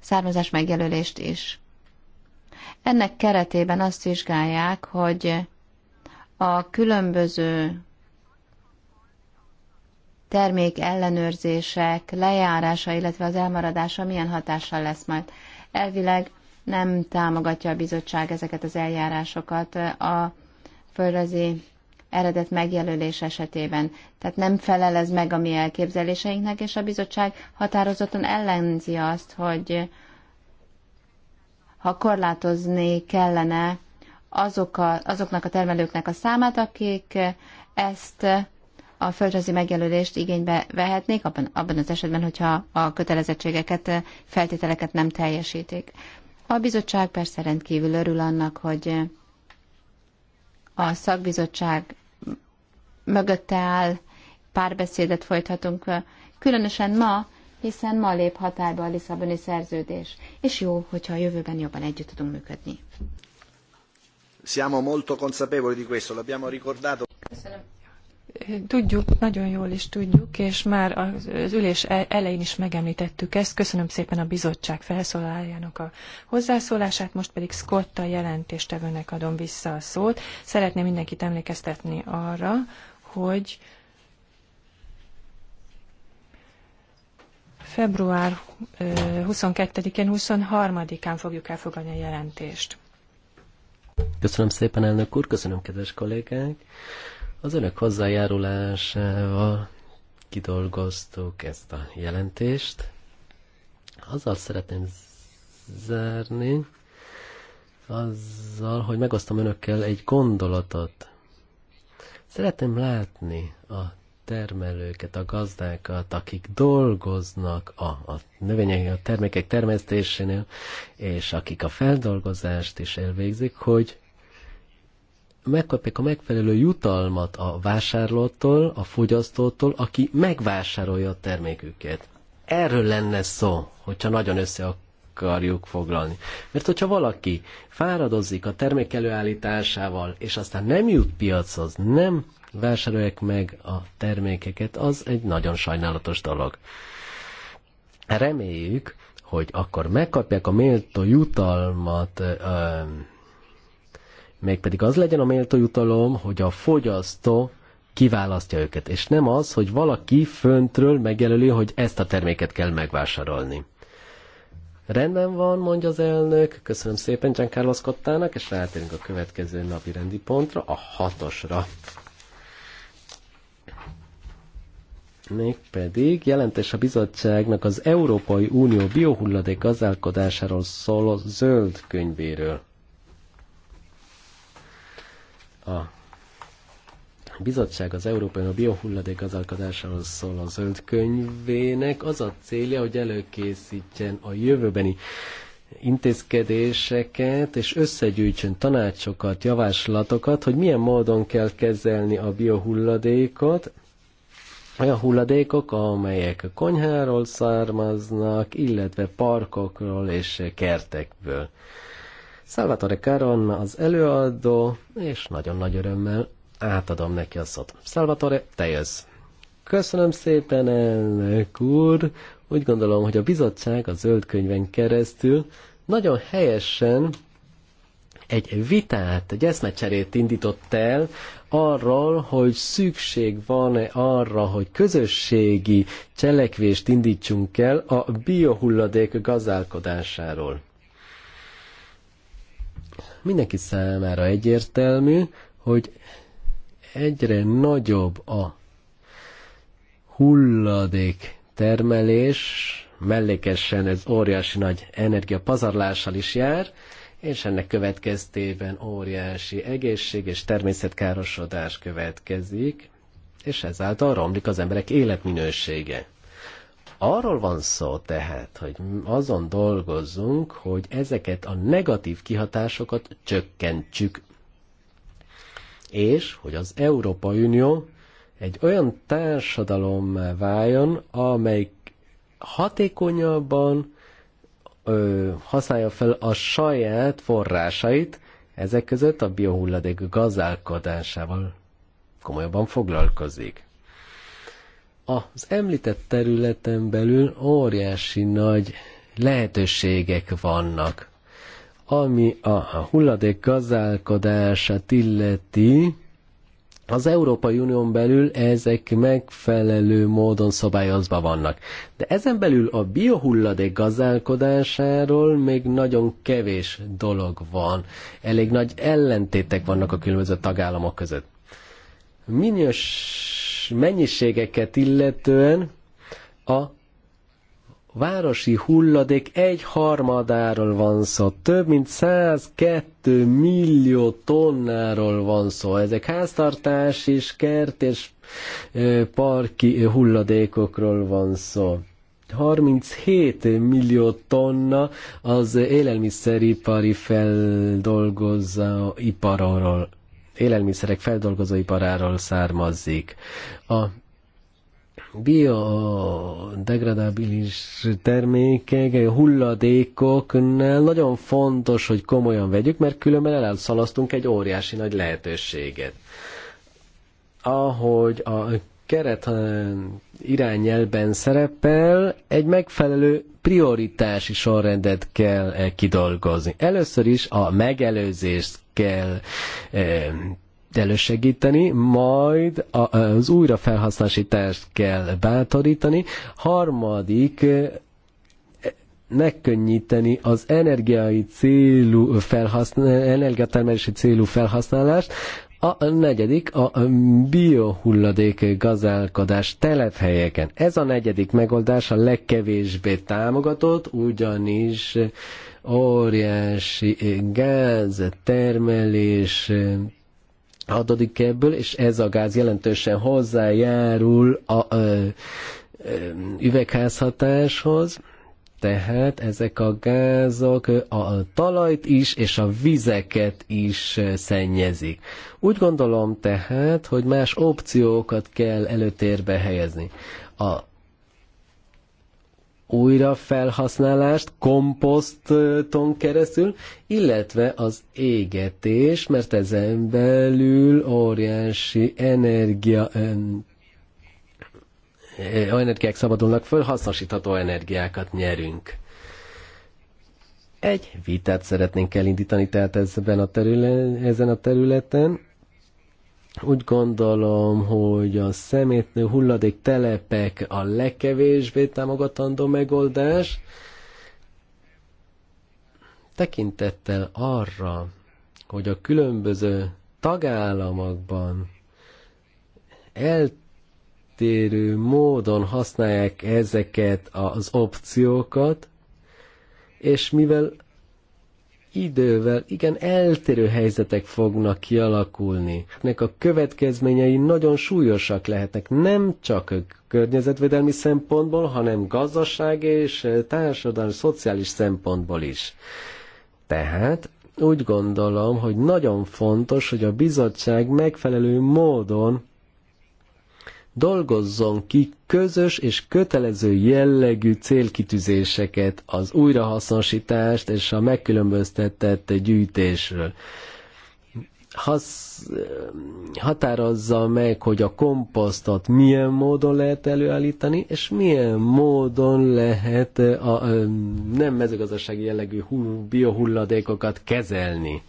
származás megjelölést is. Ennek keretében azt vizsgálják, hogy a különböző termék ellenőrzések lejárása, illetve az elmaradása milyen hatással lesz majd. Elvileg nem támogatja a bizottság ezeket az eljárásokat a földrajzi eredet megjelölés esetében. Tehát nem felel ez meg a mi elképzeléseinknek, és a bizottság határozottan ellenzi azt, hogy ha korlátozni kellene azok a, azoknak a termelőknek a számát, akik ezt a földrajzi megjelölést igénybe vehetnék, abban, abban az esetben, hogyha a kötelezettségeket, feltételeket nem teljesítik. A bizottság persze rendkívül örül annak, hogy a szakbizottság mögötte áll, párbeszédet folytatunk, különösen ma, hiszen ma lép hatályba a Lisszaboni szerződés, és jó, hogyha a jövőben jobban együtt tudunk működni. Siamo molto consapevoli di questo, l'abbiamo ricordato. Tudjuk, nagyon jól is tudjuk, és már az ülés e, elején is megemlítettük ezt. Köszönöm szépen a bizottság felszólaljának a hozzászólását, most pedig Scott a jelentéstevőnek adom vissza a szót. Szeretném mindenkit emlékeztetni arra, hogy február 22-én, 23-án fogjuk elfogadni a jelentést. Köszönöm szépen, elnök úr, köszönöm, kedves kollégák. Az önök hozzájárulásával kidolgoztuk ezt a jelentést. Azzal szeretném zárni, azzal, hogy megosztom önökkel egy gondolatot. Szeretném látni a termelőket, a gazdákat, akik dolgoznak a, a növények, a termékek termesztésénél, és akik a feldolgozást is elvégzik, hogy megkapják a megfelelő jutalmat a vásárlótól, a fogyasztótól, aki megvásárolja a terméküket. Erről lenne szó, hogyha nagyon össze akarjuk foglalni. Mert hogyha valaki fáradozik a termék előállításával, és aztán nem jut piachoz, nem vásárolják meg a termékeket, az egy nagyon sajnálatos dolog. Reméljük, hogy akkor megkapják a méltó jutalmat, mégpedig az legyen a méltó jutalom, hogy a fogyasztó kiválasztja őket, és nem az, hogy valaki föntről megjelöli, hogy ezt a terméket kell megvásárolni. Rendben van, mondja az elnök. Köszönöm szépen Giancarlo Scottának, és rátérünk a következő napi rendi pontra, a hatosra. mégpedig jelentés a bizottságnak az Európai Unió biohulladék gazdálkodásáról szóló zöld könyvéről. A bizottság az Európai Unió biohulladék gazdálkodásáról szóló zöld könyvének az a célja, hogy előkészítsen a jövőbeni intézkedéseket, és összegyűjtsön tanácsokat, javaslatokat, hogy milyen módon kell kezelni a biohulladékot, olyan hulladékok, amelyek a konyháról származnak, illetve parkokról és kertekből. Salvatore Caron az előadó, és nagyon nagy örömmel átadom neki a szót. Salvatore, te jössz. Köszönöm szépen, elnök úr. Úgy gondolom, hogy a bizottság a zöld könyven keresztül nagyon helyesen egy vitát, egy eszmecserét indított el arról, hogy szükség van-e arra, hogy közösségi cselekvést indítsunk el a biohulladék gazdálkodásáról. Mindenki számára egyértelmű, hogy egyre nagyobb a hulladék termelés, mellékesen ez óriási nagy energiapazarlással is jár, és ennek következtében óriási egészség és természetkárosodás következik, és ezáltal romlik az emberek életminősége. Arról van szó tehát, hogy azon dolgozzunk, hogy ezeket a negatív kihatásokat csökkentsük, és hogy az Európai Unió egy olyan társadalom váljon, amelyik hatékonyabban ö, használja fel a saját forrásait, ezek között a biohulladék gazdálkodásával komolyabban foglalkozik. Az említett területen belül óriási nagy lehetőségek vannak. Ami a hulladék gazdálkodását illeti, az Európai Unión belül ezek megfelelő módon szabályozva vannak. De ezen belül a biohulladék gazdálkodásáról még nagyon kevés dolog van. Elég nagy ellentétek vannak a különböző tagállamok között. Minős mennyiségeket illetően a városi hulladék egy harmadáról van szó, több mint 102 millió tonnáról van szó. Ezek háztartás és kert és parki hulladékokról van szó. 37 millió tonna az élelmiszeripari feldolgozó iparról, élelmiszerek feldolgozó iparáról származik. A biodegradabilis termékek, hulladékoknál nagyon fontos, hogy komolyan vegyük, mert különben elszalasztunk egy óriási nagy lehetőséget. Ahogy a keret eh, irányelben szerepel, egy megfelelő prioritási sorrendet kell eh, kidolgozni. Először is a megelőzést kell eh, elősegíteni, majd az újrafelhasználási tervet kell bátorítani, harmadik eh, megkönnyíteni az energiai célú felhasznál, energiatermelési célú felhasználást, a negyedik a biohulladék gazálkodás telephelyeken. Ez a negyedik megoldás a legkevésbé támogatott, ugyanis óriási gáztermelés adódik ebből, és ez a gáz jelentősen hozzájárul a ö, ö, üvegházhatáshoz, tehát ezek a gázok a talajt is és a vizeket is szennyezik. Úgy gondolom tehát, hogy más opciókat kell előtérbe helyezni. A újra felhasználást komposzton keresztül, illetve az égetés, mert ezen belül óriási energia eh, energiák szabadulnak föl, hasznosítható energiákat nyerünk. Egy vitát szeretnénk elindítani tehát a, terület, ezen a területen, úgy gondolom, hogy a szemétnő hulladék telepek a legkevésbé támogatandó megoldás, tekintettel arra, hogy a különböző tagállamokban eltérő módon használják ezeket az opciókat, és mivel idővel igen eltérő helyzetek fognak kialakulni. Nek a következményei nagyon súlyosak lehetnek, nem csak a környezetvédelmi szempontból, hanem gazdaság és eh, társadalmi, szociális szempontból is. Tehát úgy gondolom, hogy nagyon fontos, hogy a bizottság megfelelő módon dolgozzon ki közös és kötelező jellegű célkitűzéseket az újrahasznosítást és a megkülönböztetett gyűjtésről. Hasz, határozza meg, hogy a komposztot milyen módon lehet előállítani, és milyen módon lehet a, a nem mezőgazdasági jellegű biohulladékokat kezelni.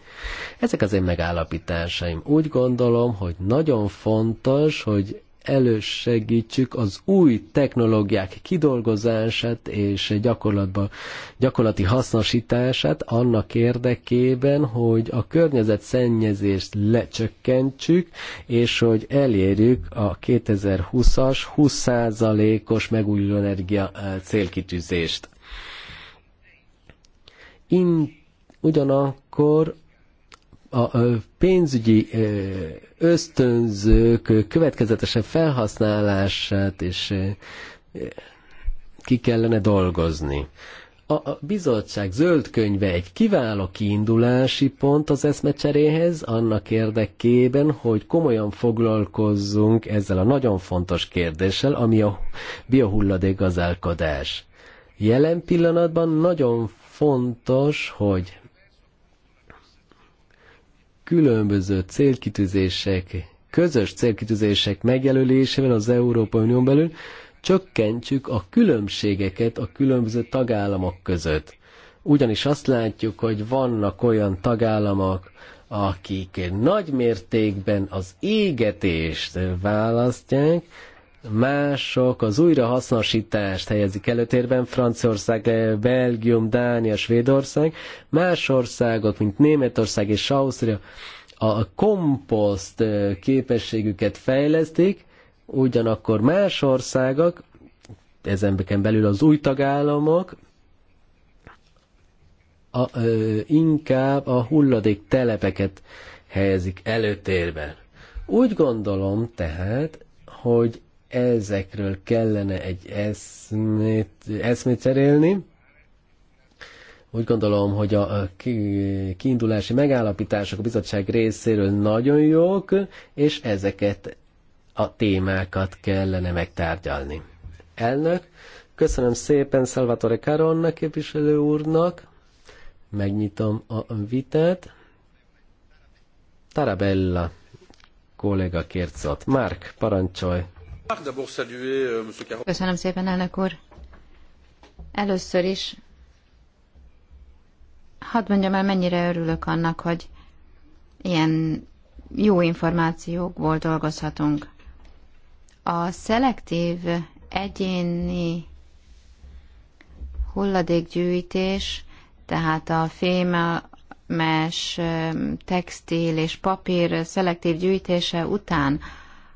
Ezek az én megállapításaim. Úgy gondolom, hogy nagyon fontos, hogy elősegítsük az új technológiák kidolgozását és gyakorlatba, gyakorlati hasznosítását annak érdekében, hogy a környezet szennyezést lecsökkentsük, és hogy elérjük a 2020-as 20%-os megújuló energia eh, célkitűzést. In, ugyanakkor a pénzügyi eh, ösztönzők következetesen felhasználását és eh, ki kellene dolgozni. A bizottság zöld könyve egy kiváló kiindulási pont az eszmecseréhez, annak érdekében, hogy komolyan foglalkozzunk ezzel a nagyon fontos kérdéssel, ami a biohulladék gazálkodás. Jelen pillanatban nagyon fontos, hogy különböző célkitűzések, közös célkitűzések megjelölésével az Európai Unión belül csökkentsük a különbségeket a különböző tagállamok között. Ugyanis azt látjuk, hogy vannak olyan tagállamok, akik nagy mértékben az égetést választják, mások az újrahasznosítást helyezik előtérben, Franciaország, Belgium, Dánia, Svédország, más országok, mint Németország és Ausztria a komposzt képességüket fejlesztik, ugyanakkor más országok, ezenbeken belül az új tagállamok, a, ö, inkább a hulladék telepeket helyezik előtérben. Úgy gondolom tehát, hogy ezekről kellene egy eszmét, eszmét cserélni. Úgy gondolom, hogy a kiindulási megállapítások a bizottság részéről nagyon jók, és ezeket a témákat kellene megtárgyalni. Elnök, köszönöm szépen Salvatore Caronna képviselő úrnak, megnyitom a vitát. Tarabella kolléga kért szót. Márk, parancsolj! Euh, Köszönöm szépen, elnök úr. Először is hadd mondjam el, mennyire örülök annak, hogy ilyen jó információkból dolgozhatunk. A szelektív egyéni hulladékgyűjtés, tehát a fémes, textil és papír szelektív gyűjtése után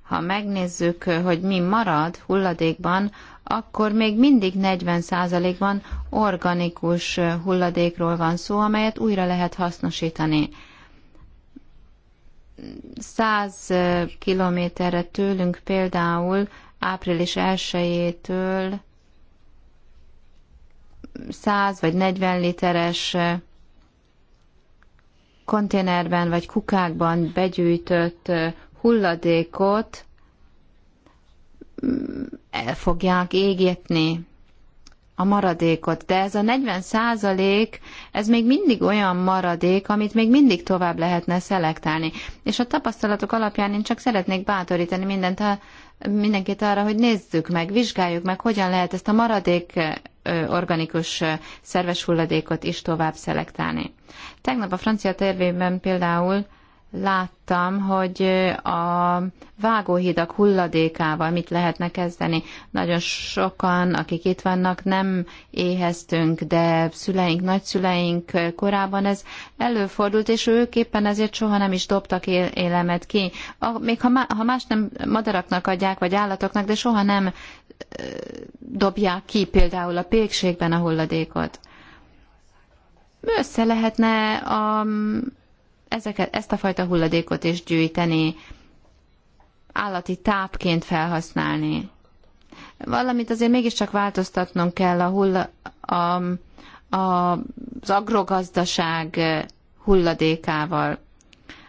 ha megnézzük, hogy mi marad hulladékban, akkor még mindig 40%-ban organikus hulladékról van szó, amelyet újra lehet hasznosítani. 100 kilométerre tőlünk például április 1-től 100 vagy 40 literes konténerben vagy kukákban begyűjtött hulladékot mm, el fogják égetni a maradékot, de ez a 40 százalék, ez még mindig olyan maradék, amit még mindig tovább lehetne szelektálni. És a tapasztalatok alapján én csak szeretnék bátorítani mindent, mindenkit arra, hogy nézzük meg, vizsgáljuk meg, hogyan lehet ezt a maradék organikus szerves hulladékot is tovább szelektálni. Tegnap a francia tervében például láttam, hogy a vágóhidak hulladékával mit lehetne kezdeni. Nagyon sokan, akik itt vannak, nem éheztünk, de szüleink, nagyszüleink korában ez előfordult, és ők éppen ezért soha nem is dobtak élemet ki. még ha, ha más nem madaraknak adják, vagy állatoknak, de soha nem dobják ki például a pékségben a hulladékot. Össze lehetne a ezeket, ezt a fajta hulladékot is gyűjteni, állati tápként felhasználni. Valamit azért mégiscsak változtatnunk kell a hulla, a, a, az agrogazdaság hulladékával.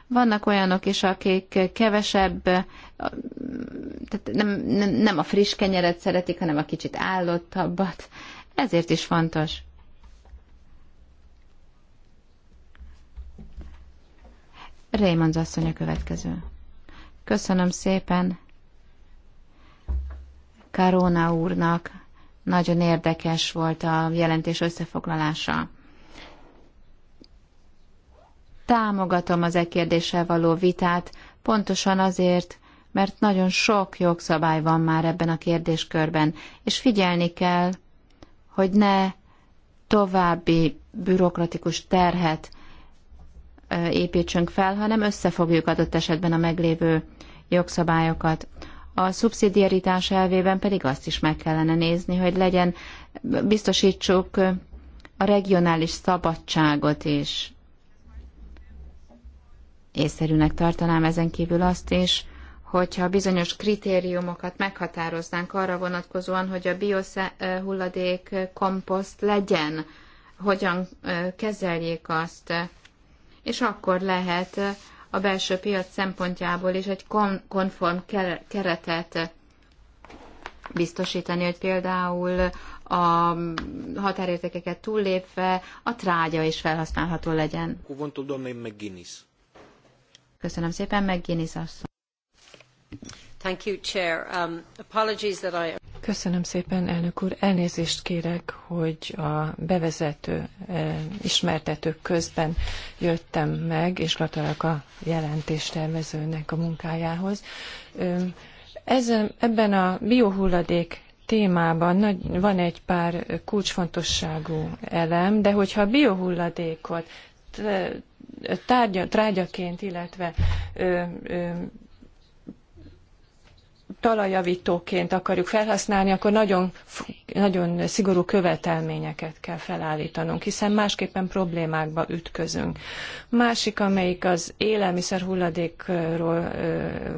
Vannak olyanok is, akik kevesebb, tehát nem, nem, nem a friss kenyeret szeretik, hanem a kicsit állottabbat. Ezért is fontos. Raymond asszony a következő. Köszönöm szépen Karona úrnak. Nagyon érdekes volt a jelentés összefoglalása. Támogatom az e kérdéssel való vitát, pontosan azért, mert nagyon sok jogszabály van már ebben a kérdéskörben, és figyelni kell, hogy ne további bürokratikus terhet építsünk fel, hanem összefogjuk adott esetben a meglévő jogszabályokat. A szubszidiaritás elvében pedig azt is meg kellene nézni, hogy legyen, biztosítsuk a regionális szabadságot is. Észszerűnek tartanám ezen kívül azt is, hogyha bizonyos kritériumokat meghatároznánk arra vonatkozóan, hogy a biohulladék komposzt legyen, hogyan kezeljék azt, és akkor lehet a belső piac szempontjából is egy konform keretet biztosítani, hogy például a határértékeket túllépve a trágya is felhasználható legyen. Köszönöm szépen, Guinness asszony. Um, Köszönöm szépen, elnök úr. Elnézést kérek, hogy a bevezető eh, ismertetők közben jöttem meg, és gratulálok a jelentéstervezőnek a munkájához. ebben a biohulladék témában nagy, van egy pár kulcsfontosságú elem, de hogyha a biohulladékot eh, tárgya, trágyaként, illetve ö, ö, talajjavítóként akarjuk felhasználni, akkor nagyon, nagyon szigorú követelményeket kell felállítanunk, hiszen másképpen problémákba ütközünk. Másik, amelyik az élelmiszer hulladékról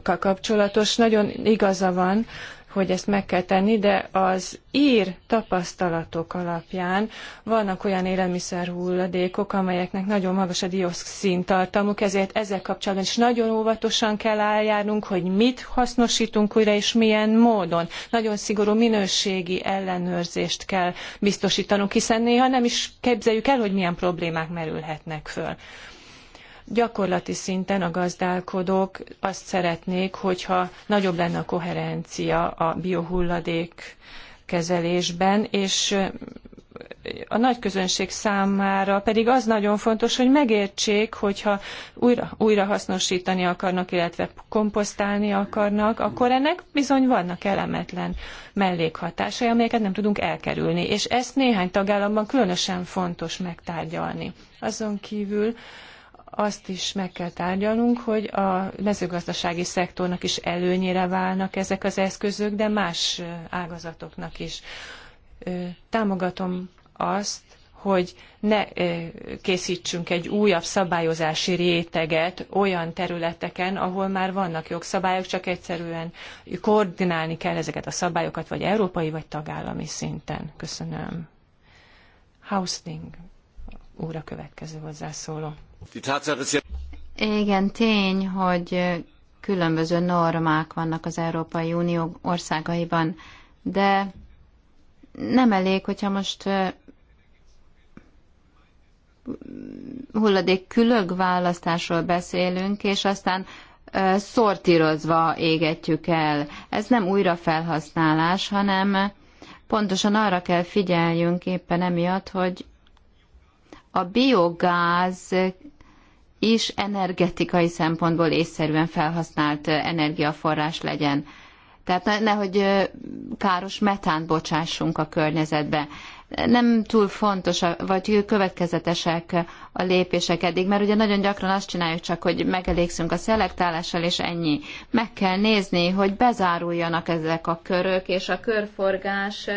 kapcsolatos, nagyon igaza van, hogy ezt meg kell tenni, de az ír tapasztalatok alapján vannak olyan élelmiszerhulladékok, amelyeknek nagyon magas a dioxin tartalmuk, ezért ezzel kapcsolatban is nagyon óvatosan kell eljárnunk, hogy mit hasznosítunk újra és milyen módon. Nagyon szigorú minőségi ellenőrzést kell biztosítanunk, hiszen néha nem is képzeljük el, hogy milyen problémák merülhetnek föl gyakorlati szinten a gazdálkodók azt szeretnék, hogyha nagyobb lenne a koherencia a biohulladék kezelésben, és a nagy közönség számára pedig az nagyon fontos, hogy megértsék, hogyha újra, újra hasznosítani akarnak, illetve komposztálni akarnak, akkor ennek bizony vannak elemetlen mellékhatásai, amelyeket nem tudunk elkerülni. És ezt néhány tagállamban különösen fontos megtárgyalni. Azon kívül azt is meg kell tárgyalnunk, hogy a mezőgazdasági szektornak is előnyére válnak ezek az eszközök, de más ágazatoknak is. Támogatom azt, hogy ne készítsünk egy újabb szabályozási réteget olyan területeken, ahol már vannak jogszabályok, csak egyszerűen koordinálni kell ezeket a szabályokat, vagy európai, vagy tagállami szinten. Köszönöm. Hausling úr a következő hozzászóló. Igen, tény, hogy különböző normák vannak az Európai Unió országaiban, de nem elég, hogyha most hulladék külög választásról beszélünk, és aztán szortírozva égetjük el. Ez nem újrafelhasználás, hanem pontosan arra kell figyeljünk éppen emiatt, hogy a biogáz és energetikai szempontból észszerűen felhasznált energiaforrás legyen. Tehát nehogy káros metánt bocsássunk a környezetbe. Nem túl fontos, vagy következetesek a lépések eddig, mert ugye nagyon gyakran azt csináljuk csak, hogy megelégszünk a szelektálással, és ennyi. Meg kell nézni, hogy bezáruljanak ezek a körök, és a körforgás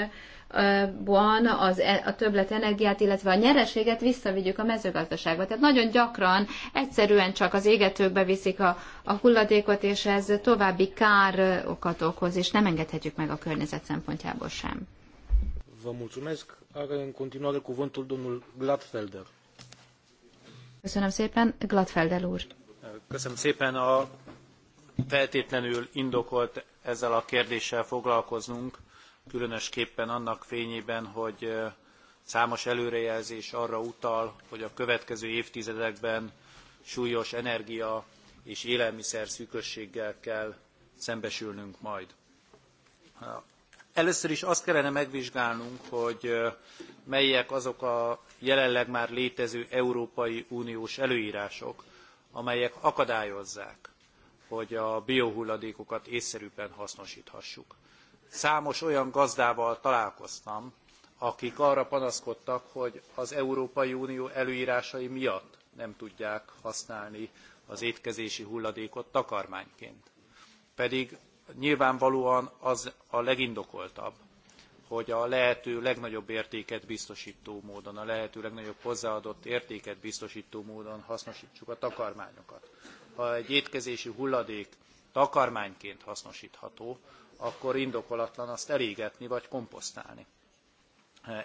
az, e- a többlet energiát, illetve a nyereséget visszavigyük a mezőgazdaságba. Tehát nagyon gyakran egyszerűen csak az égetőkbe viszik a, a hulladékot, és ez további károkat okoz, és nem engedhetjük meg a környezet szempontjából sem. Vă mulțumesc. Are în continuare cuvântul domnul Gladfelder. Köszönöm szépen, Gladfelder úr. Köszönöm szépen, a feltétlenül indokolt ezzel a kérdéssel foglalkoznunk Különösképpen annak fényében, hogy számos előrejelzés arra utal, hogy a következő évtizedekben súlyos energia és élelmiszer szűkösséggel kell szembesülnünk majd. Először is azt kellene megvizsgálnunk, hogy melyek azok a jelenleg már létező Európai Uniós előírások, amelyek akadályozzák, hogy a biohulladékokat észszerűbben hasznosíthassuk számos olyan gazdával találkoztam, akik arra panaszkodtak, hogy az Európai Unió előírásai miatt nem tudják használni az étkezési hulladékot takarmányként. Pedig nyilvánvalóan az a legindokoltabb, hogy a lehető legnagyobb értéket biztosító módon, a lehető legnagyobb hozzáadott értéket biztosító módon hasznosítsuk a takarmányokat. Ha egy étkezési hulladék takarmányként hasznosítható, akkor indokolatlan azt elégetni vagy komposztálni.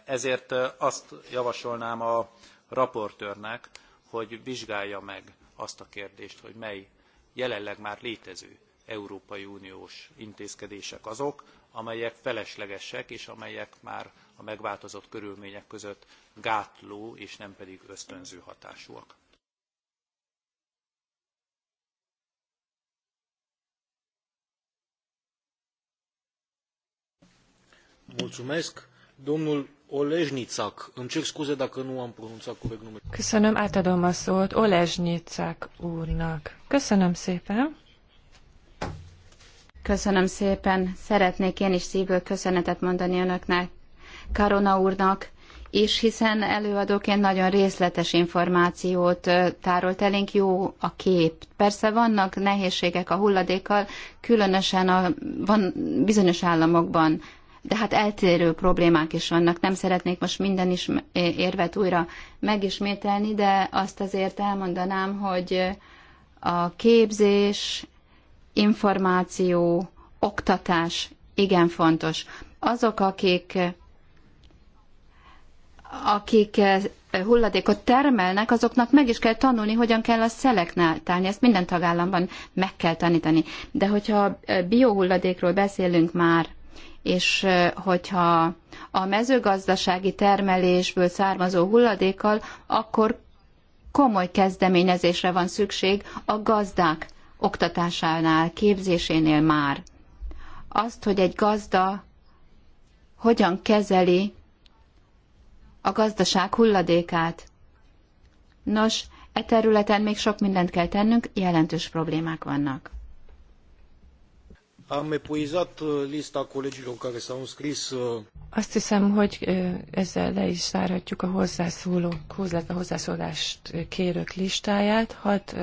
Ezért eh, azt javasolnám a raportőrnek, hogy vizsgálja meg azt a kérdést, hogy mely jelenleg már létező Európai Uniós intézkedések azok, amelyek feleslegesek, és amelyek már a megváltozott körülmények között gátló és nem pedig ösztönző hatásúak. Domnul Oleznicak, îmi cer scuze dacă nu am pronunțat corect numele. Köszönöm, átadom a szót Oleznicak úrnak. Köszönöm szépen. Köszönöm szépen. Szeretnék én is szívből köszönetet mondani önöknek, Karona úrnak, és hiszen előadóként nagyon részletes információt tárolt elénk, jó a kép. Persze vannak nehézségek a hulladékkal, különösen a, van bizonyos államokban, de hát eltérő problémák is vannak. Nem szeretnék most minden is érvet újra megismételni, de azt azért elmondanám, hogy a képzés, információ, oktatás igen fontos. Azok, akik akik hulladékot termelnek, azoknak meg is kell tanulni, hogyan kell a szelektálni. Ezt minden tagállamban meg kell tanítani. De hogyha biohulladékról beszélünk már, és hogyha a mezőgazdasági termelésből származó hulladékkal, akkor komoly kezdeményezésre van szükség a gazdák oktatásánál, képzésénél már. Azt, hogy egy gazda hogyan kezeli a gazdaság hulladékát. Nos, e területen még sok mindent kell tennünk, jelentős problémák vannak. Am epuizat uh, lista colegilor care s-au înscris. Uh, azt hiszem, hogy uh, ezzel le is zárhatjuk a hozzászólókhoz, illetve hozzászólást kérők listáját. Hadd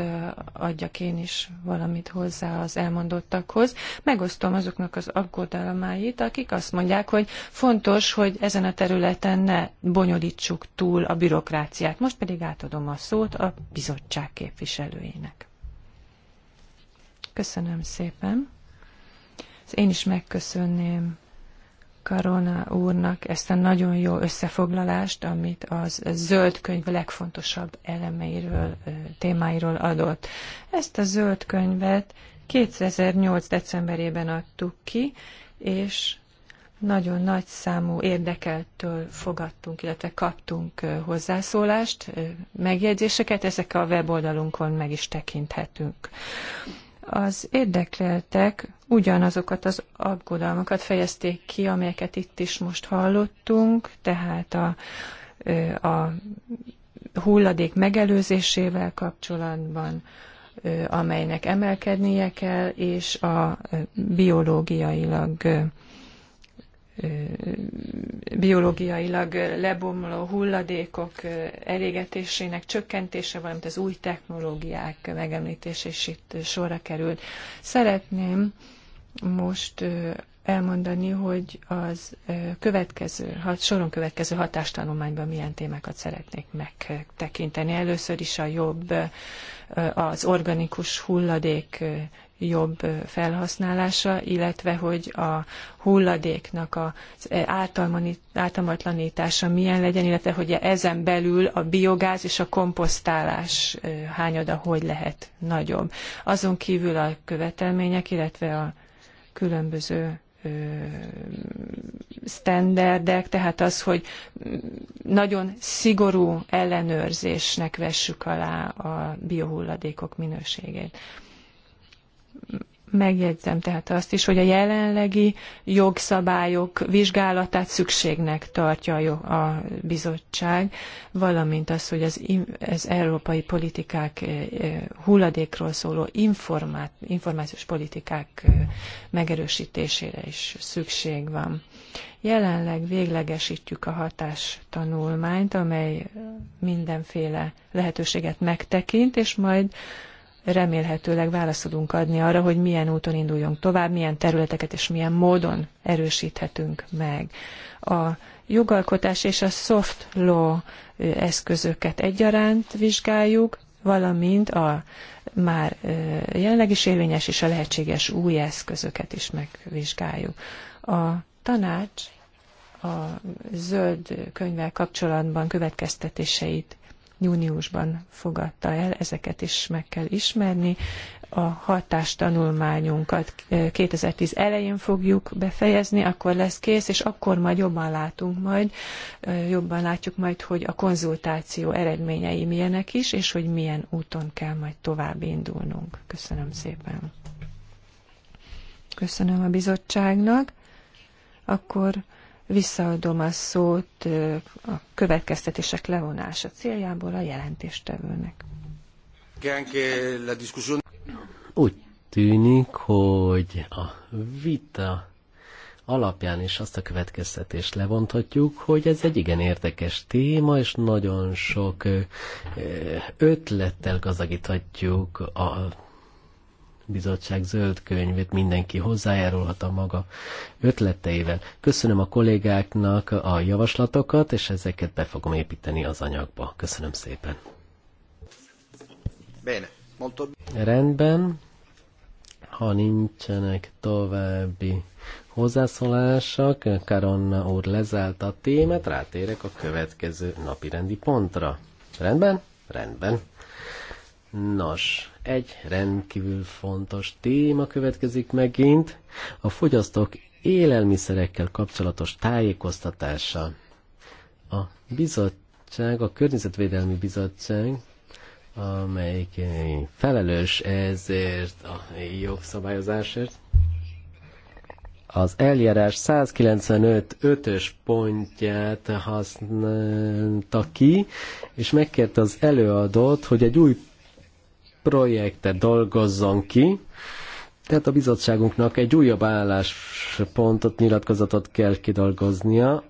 adjak én is valamit hozzá az elmondottakhoz. Megosztom azoknak az aggodalmáit, akik azt mondják, hogy fontos, hogy ezen a területen ne bonyolítsuk túl a bürokráciát. Most pedig átadom a szót a bizottság képviselőjének. Köszönöm szépen én is megköszönném Karona úrnak ezt a nagyon jó összefoglalást, amit az zöld könyv legfontosabb elemeiről, témáiról adott. Ezt a zöld könyvet 2008. decemberében adtuk ki, és nagyon nagy számú érdekeltől fogadtunk, illetve kaptunk hozzászólást, megjegyzéseket, ezek a weboldalunkon meg is tekinthetünk az érdekeltek ugyanazokat az aggodalmakat fejezték ki, amelyeket itt is most hallottunk, tehát a, a hulladék megelőzésével kapcsolatban, amelynek emelkednie kell, és a biológiailag biológiailag lebomló hulladékok elégetésének csökkentése, valamint az új technológiák megemlítése is itt sorra kerül. Szeretném most elmondani, hogy az következő, soron következő hatástanulmányban milyen témákat szeretnék megtekinteni. Először is a jobb, az organikus hulladék jobb felhasználása, illetve hogy a hulladéknak az általmatlanítása milyen legyen, illetve hogy ezen belül a biogáz és a komposztálás hányada hogy lehet nagyobb. Azon kívül a követelmények, illetve a különböző sztenderdek, tehát az, hogy nagyon szigorú ellenőrzésnek vessük alá a biohulladékok minőségét megjegyzem tehát azt is, hogy a jelenlegi jogszabályok vizsgálatát szükségnek tartja a bizottság, valamint az, hogy az, az európai politikák eh, eh, hulladékról szóló informát, információs politikák eh, megerősítésére is szükség van. Jelenleg véglegesítjük a hatástanulmányt, amely mindenféle lehetőséget megtekint, és majd remélhetőleg választ tudunk adni arra, hogy milyen úton induljunk tovább, milyen területeket és milyen módon erősíthetünk meg. A jogalkotás és a soft law eszközöket egyaránt vizsgáljuk, valamint a már jelenleg is érvényes és a lehetséges új eszközöket is megvizsgáljuk. A tanács a zöld könyvvel kapcsolatban következtetéseit júniusban fogadta el, ezeket is meg kell ismerni. A hatástanulmányunkat 2010 eh, elején fogjuk befejezni, akkor lesz kész, és akkor majd jobban látunk majd, eh, jobban látjuk majd, hogy a konzultáció eredményei milyenek is, és hogy milyen úton kell majd tovább indulnunk. Köszönöm szépen. Köszönöm a bizottságnak. Akkor Visszaadom a szót a következtetések levonása céljából a jelentéstevőnek. Úgy tűnik, hogy a vita alapján is azt a következtetést levonthatjuk, hogy ez egy igen érdekes téma, és nagyon sok ötlettel gazdagíthatjuk a bizottság zöld könyvét, mindenki hozzájárulhat a maga ötleteivel. Köszönöm a kollégáknak a javaslatokat, és ezeket be fogom építeni az anyagba. Köszönöm szépen. Bene. Molto... Rendben. Ha nincsenek további hozzászólások, Karonna úr lezárt a témát, rátérek a következő napi rendi pontra. Rendben? Rendben. Nos, egy rendkívül fontos téma következik megint, a fogyasztók élelmiszerekkel kapcsolatos tájékoztatása. A bizottság, a Környezetvédelmi Bizottság, amelyik felelős ezért a jogszabályozásért, az eljárás 195.5-ös pontját használta ki, és megkérte az előadót, hogy egy új Projekte dolgozzon ki, tehát a bizottságunknak egy újabb álláspontot, nyilatkozatot kell kidolgoznia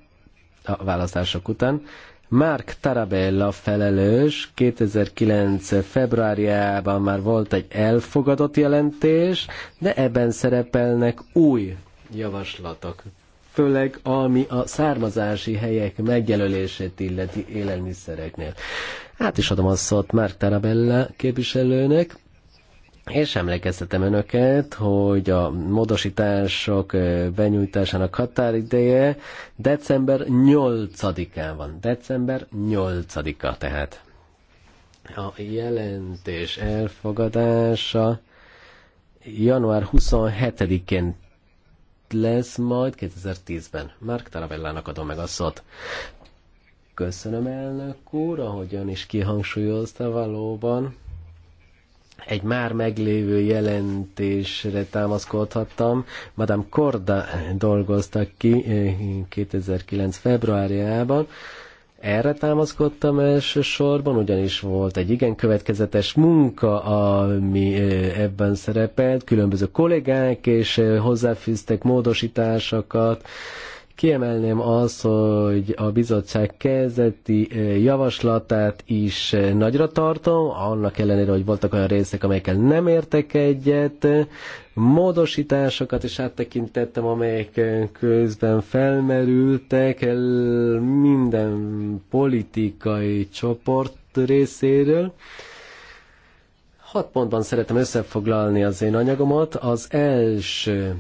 a választások után. Mark Tarabella felelős, 2009. februárjában már volt egy elfogadott jelentés, de ebben szerepelnek új javaslatok főleg ami a származási helyek megjelölését illeti élelmiszereknél. Át is adom a szót Mark Tarabella képviselőnek, és emlékeztetem önöket, hogy a módosítások benyújtásának határideje december 8-án van. December 8-a tehát. A jelentés elfogadása január 27-én lesz majd 2010-ben. Mark Tarabellának adom meg a szót. Köszönöm elnök úr, ahogyan is kihangsúlyozta valóban. Egy már meglévő jelentésre támaszkodhattam. Madame Korda dolgozta ki 2009. Eh, februárjában. Erre támaszkodtam elsősorban, ugyanis volt egy igen következetes munka, ami eh, ebben szerepelt, különböző kollégák és eh, hozzáfűztek módosításokat, Kiemelném azt, hogy a bizottság kezdeti eh, javaslatát is eh, nagyra tartom, annak ellenére, hogy voltak olyan részek, amelyekkel nem értek egyet, módosításokat is áttekintettem, amelyek eh, közben felmerültek minden politikai csoport részéről. Hat pontban szeretem összefoglalni az én anyagomat. Az első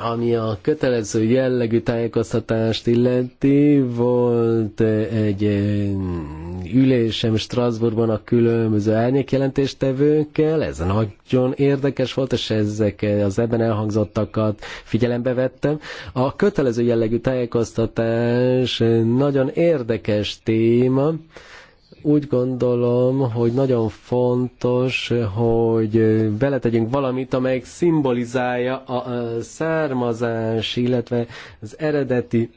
ami a kötelező jellegű tájékoztatást illeti, volt eh, egy eh, ülésem Strasbourgban a különböző árnyékjelentéstevőkkel, ez nagyon érdekes volt, és ezek eh, az ebben elhangzottakat figyelembe vettem. A kötelező jellegű tájékoztatás nagyon érdekes téma, úgy gondolom, hogy nagyon fontos, hogy beletegyünk valamit, amelyik szimbolizálja a származás, illetve az eredeti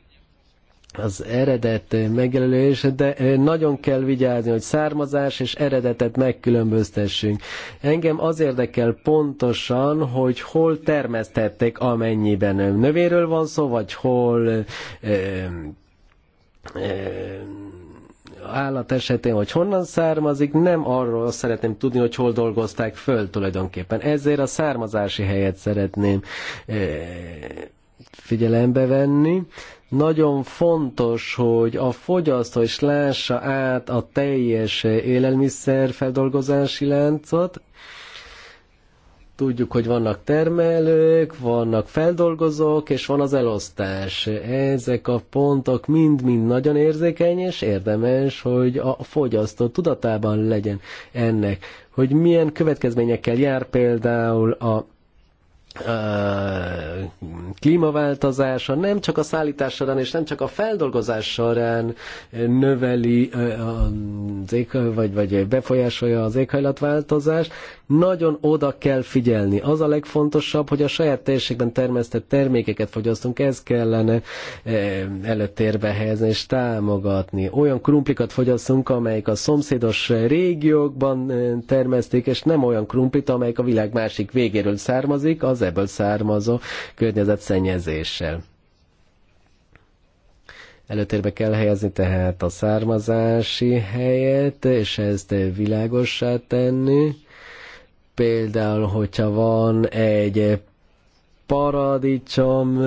az eredet megjelölés, de nagyon kell vigyázni, hogy származás és eredetet megkülönböztessünk. Engem az érdekel pontosan, hogy hol termesztették amennyiben növéről van szó, vagy hol ö, eh, ö, eh, állat esetén, hogy honnan származik, nem arról szeretném tudni, hogy hol dolgozták föl tulajdonképpen. Ezért a származási helyet szeretném eh, figyelembe venni. Nagyon fontos, hogy a fogyasztó is lássa át a teljes élelmiszer feldolgozási láncot, Tudjuk, hogy vannak termelők, vannak feldolgozók, és van az elosztás. Ezek a pontok mind-mind nagyon érzékeny, és érdemes, hogy a fogyasztó tudatában legyen ennek, hogy milyen következményekkel jár például a klímaváltozása nem csak a szállítás során és nem csak a feldolgozás során növeli az éghaj, vagy, vagy befolyásolja az éghajlatváltozást, nagyon oda kell figyelni. Az a legfontosabb, hogy a saját térségben termesztett termékeket fogyasztunk, ez kellene eh, előtérbe helyezni és támogatni. Olyan krumplikat fogyasztunk, amelyik a szomszédos régiókban eh, termesztik, és nem olyan krumplit, amelyik a világ másik végéről származik, az ebből származó környezetszennyezéssel előtérbe kell helyezni tehát a származási helyet, és ezt világossá tenni. Például, hogyha van egy paradicsom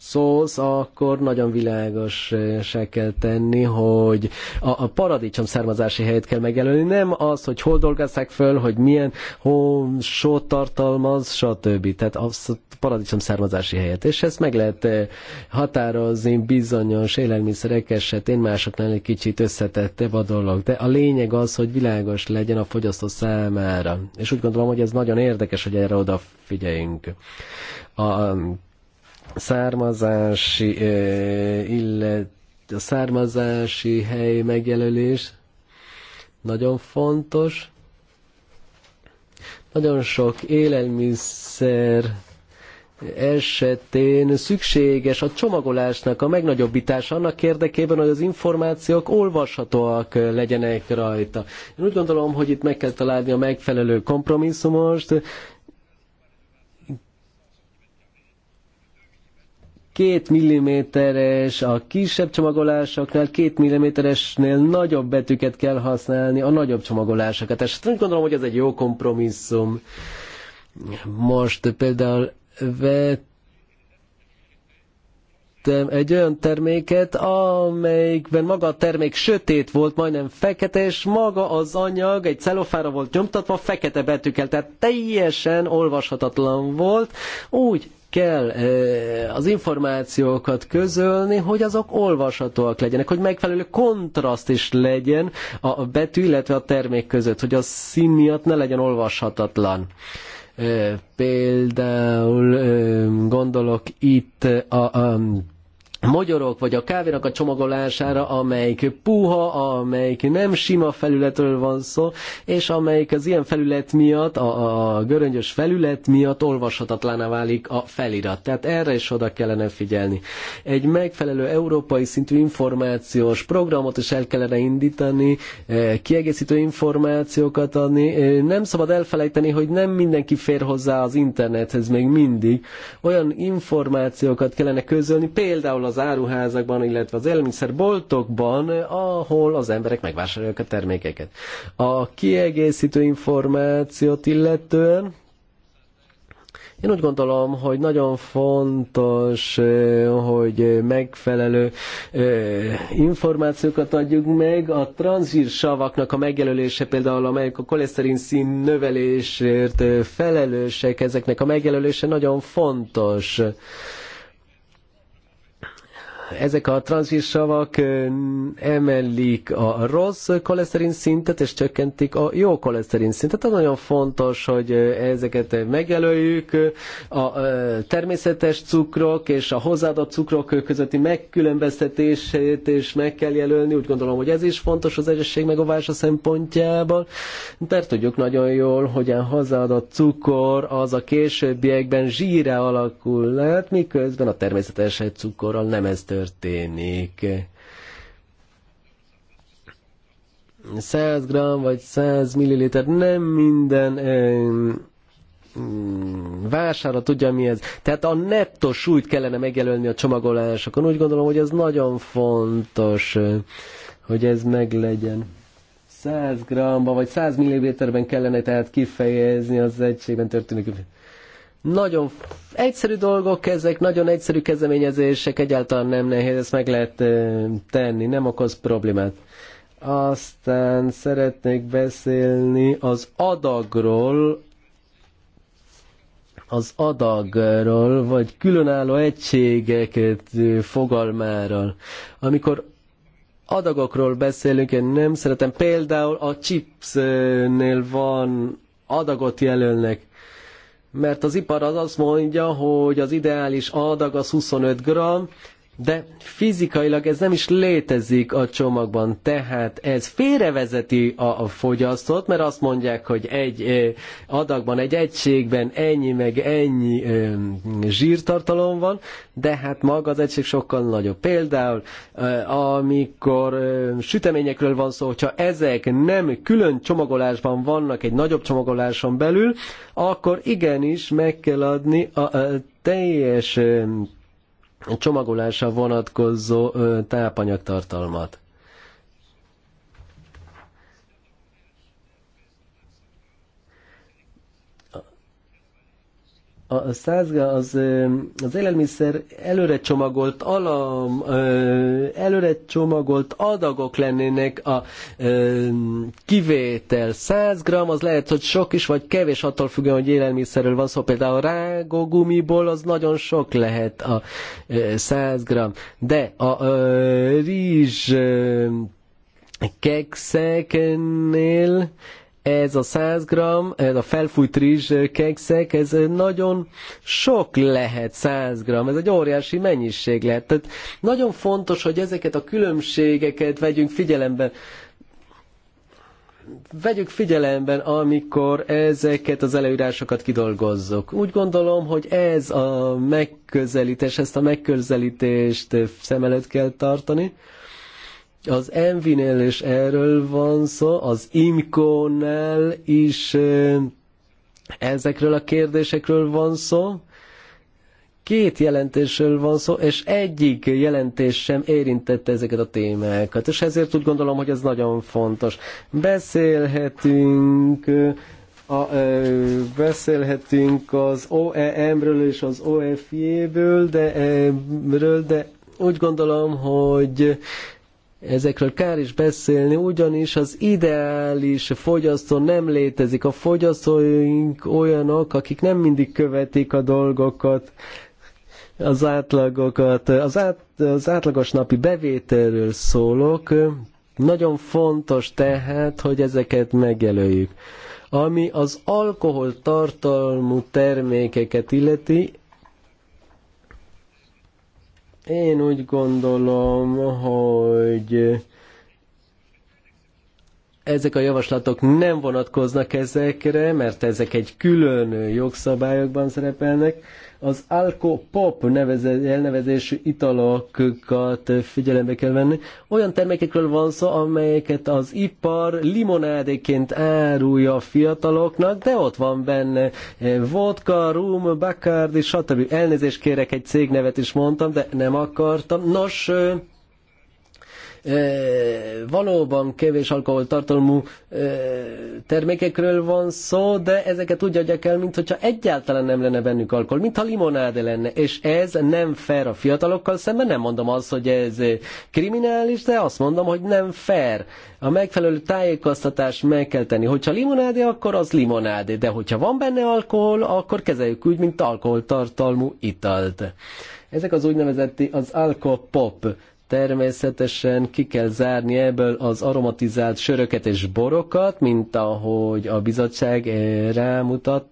szólsz, akkor nagyon világos se kell tenni, hogy a, a paradicsom származási helyét kell megjelölni, nem az, hogy hol dolgozzák föl, hogy milyen hó, sót tartalmaz, stb. Tehát a paradicsom származási helyet. És ezt meg lehet eh, határozni bizonyos élelmiszerek esetén, másoknál egy kicsit összetettebb a dolog. De a lényeg az, hogy világos legyen a fogyasztó számára. És úgy gondolom, hogy ez nagyon érdekes, hogy erre odafigyeljünk. A, származási, illet, a származási hely megjelölés nagyon fontos. Nagyon sok élelmiszer esetén szükséges a csomagolásnak a megnagyobbítása annak érdekében, hogy az információk olvashatóak legyenek rajta. Én úgy gondolom, hogy itt meg kell találni a megfelelő kompromisszumost, két milliméteres, a kisebb csomagolásoknál két milliméteresnél nagyobb betűket kell használni, a nagyobb csomagolásokat. És úgy gondolom, hogy ez egy jó kompromisszum. Most például vettem egy olyan terméket, amelyikben maga a termék sötét volt, majdnem fekete, és maga az anyag egy celofára volt nyomtatva fekete betűkkel, tehát teljesen olvashatatlan volt. Úgy kell az információkat közölni, hogy azok olvashatóak legyenek, hogy megfelelő kontraszt is legyen a betű, illetve a termék között, hogy a szín miatt ne legyen olvashatatlan. Például gondolok itt a, a magyarok vagy a kávénak a csomagolására, amelyik puha, amelyik nem sima felületről van szó, és amelyik az ilyen felület miatt, a, a göröngyös felület miatt olvashatatlaná válik a felirat. Tehát erre is oda kellene figyelni. Egy megfelelő európai szintű információs programot is el kellene indítani, eh, kiegészítő információkat adni. Eh, nem szabad elfelejteni, hogy nem mindenki fér hozzá az internethez még mindig. Olyan információkat kellene közölni, például az áruházakban, illetve az élelmiszerboltokban, ahol az emberek megvásárolják a termékeket. A kiegészítő információt illetően én úgy gondolom, hogy nagyon fontos, hogy megfelelő információkat adjuk meg. A tranzsírsavaknak a megjelölése például, amelyek a koleszterin szín növelésért felelősek, ezeknek a megjelölése nagyon fontos ezek a tranzinsavak emelik a rossz koleszterin szintet, és csökkentik a jó koleszterin szintet. Tehát nagyon fontos, hogy ezeket megjelöljük. A természetes cukrok és a hozzáadott cukrok közötti megkülönböztetését és meg kell jelölni. Úgy gondolom, hogy ez is fontos az egészség megóvása szempontjából. Mert tudjuk nagyon jól, hogy a hozzáadott cukor az a későbbiekben zsíre alakul Lehet, miközben a természetes cukorral nem ez történik történik. 100 g vagy 100 ml, nem minden mm, vásárra tudja mi ez. Tehát a nettó súlyt kellene megjelölni a csomagolásokon. Úgy gondolom, hogy ez nagyon fontos, hogy ez meglegyen. 100 g vagy 100 ml-ben kellene tehát kifejezni az egységben történik. kifejezni. Nagyon egyszerű dolgok ezek, nagyon egyszerű kezdeményezések, egyáltalán nem nehéz, ezt meg lehet tenni, nem okoz problémát. Aztán szeretnék beszélni az adagról, az adagról, vagy különálló egységeket fogalmáról. Amikor adagokról beszélünk, én nem szeretem. Például a chipsnél van adagot jelölnek mert az ipar az azt mondja, hogy az ideális adag az 25 g, de fizikailag ez nem is létezik a csomagban, tehát ez félrevezeti a, a fogyasztót, mert azt mondják, hogy egy adagban, egy egységben ennyi meg ennyi zsírtartalom van, de hát maga az egység sokkal nagyobb. Például amikor süteményekről van szó, hogyha ezek nem külön csomagolásban vannak, egy nagyobb csomagoláson belül, akkor igenis meg kell adni a, a teljes csomagolásra vonatkozó tápanyagtartalmat. a százga az, az élelmiszer előre csomagolt, alam, előre csomagolt adagok lennének a kivétel. 100 gram az lehet, hogy sok is, vagy kevés, attól függően, hogy élelmiszerről van szó. Például a rágogumiból az nagyon sok lehet a 100 g. De a, a rizs kekszeknél ez a 100 g, ez a felfújt rizs kekszek, ez nagyon sok lehet 100 g, ez egy óriási mennyiség lehet. Tehát nagyon fontos, hogy ezeket a különbségeket vegyünk figyelembe vegyük figyelembe, amikor ezeket az előírásokat kidolgozzuk. Úgy gondolom, hogy ez a megközelítés, ezt a megközelítést szem előtt kell tartani. Az Envinél is erről van szó, az Imkónál is ezekről a kérdésekről van szó. Két jelentésről van szó, és egyik jelentés sem érintette ezeket a témákat, és ezért úgy gondolom, hogy ez nagyon fontos. Beszélhetünk a, ö, beszélhetünk az OEM-ről és az OFJ-ből, de, ö, ről, de úgy gondolom, hogy Ezekről kár is beszélni, ugyanis az ideális fogyasztó nem létezik. A fogyasztóink olyanok, akik nem mindig követik a dolgokat, az átlagokat. Az, át, az átlagos napi bevételről szólok. Nagyon fontos tehát, hogy ezeket megjelöljük. Ami az alkoholtartalmú termékeket illeti, én úgy gondolom, hogy ezek a javaslatok nem vonatkoznak ezekre, mert ezek egy külön jogszabályokban szerepelnek az Alco Pop elnevezésű italokat figyelembe kell venni. Olyan termékekről van szó, amelyeket az ipar limonádéként árulja a fiataloknak, de ott van benne eh, vodka, rum, és stb. Elnézést kérek, egy cégnevet is mondtam, de nem akartam. Nos, eh, valóban kevés alkoholtartalmú termékekről van szó, de ezeket úgy adják el, mintha egyáltalán nem lenne bennük alkohol, mintha limonáde lenne, és ez nem fair a fiatalokkal szemben, nem mondom azt, hogy ez kriminális, de azt mondom, hogy nem fair. A megfelelő tájékoztatást meg kell tenni. Hogyha limonádé, akkor az limonádé, de hogyha van benne alkohol, akkor kezeljük úgy, mint alkoholtartalmú italt. Ezek az úgynevezett az alkopop Természetesen ki kell zárni ebből az aromatizált söröket és borokat, mint ahogy a bizottság eh, rámutat.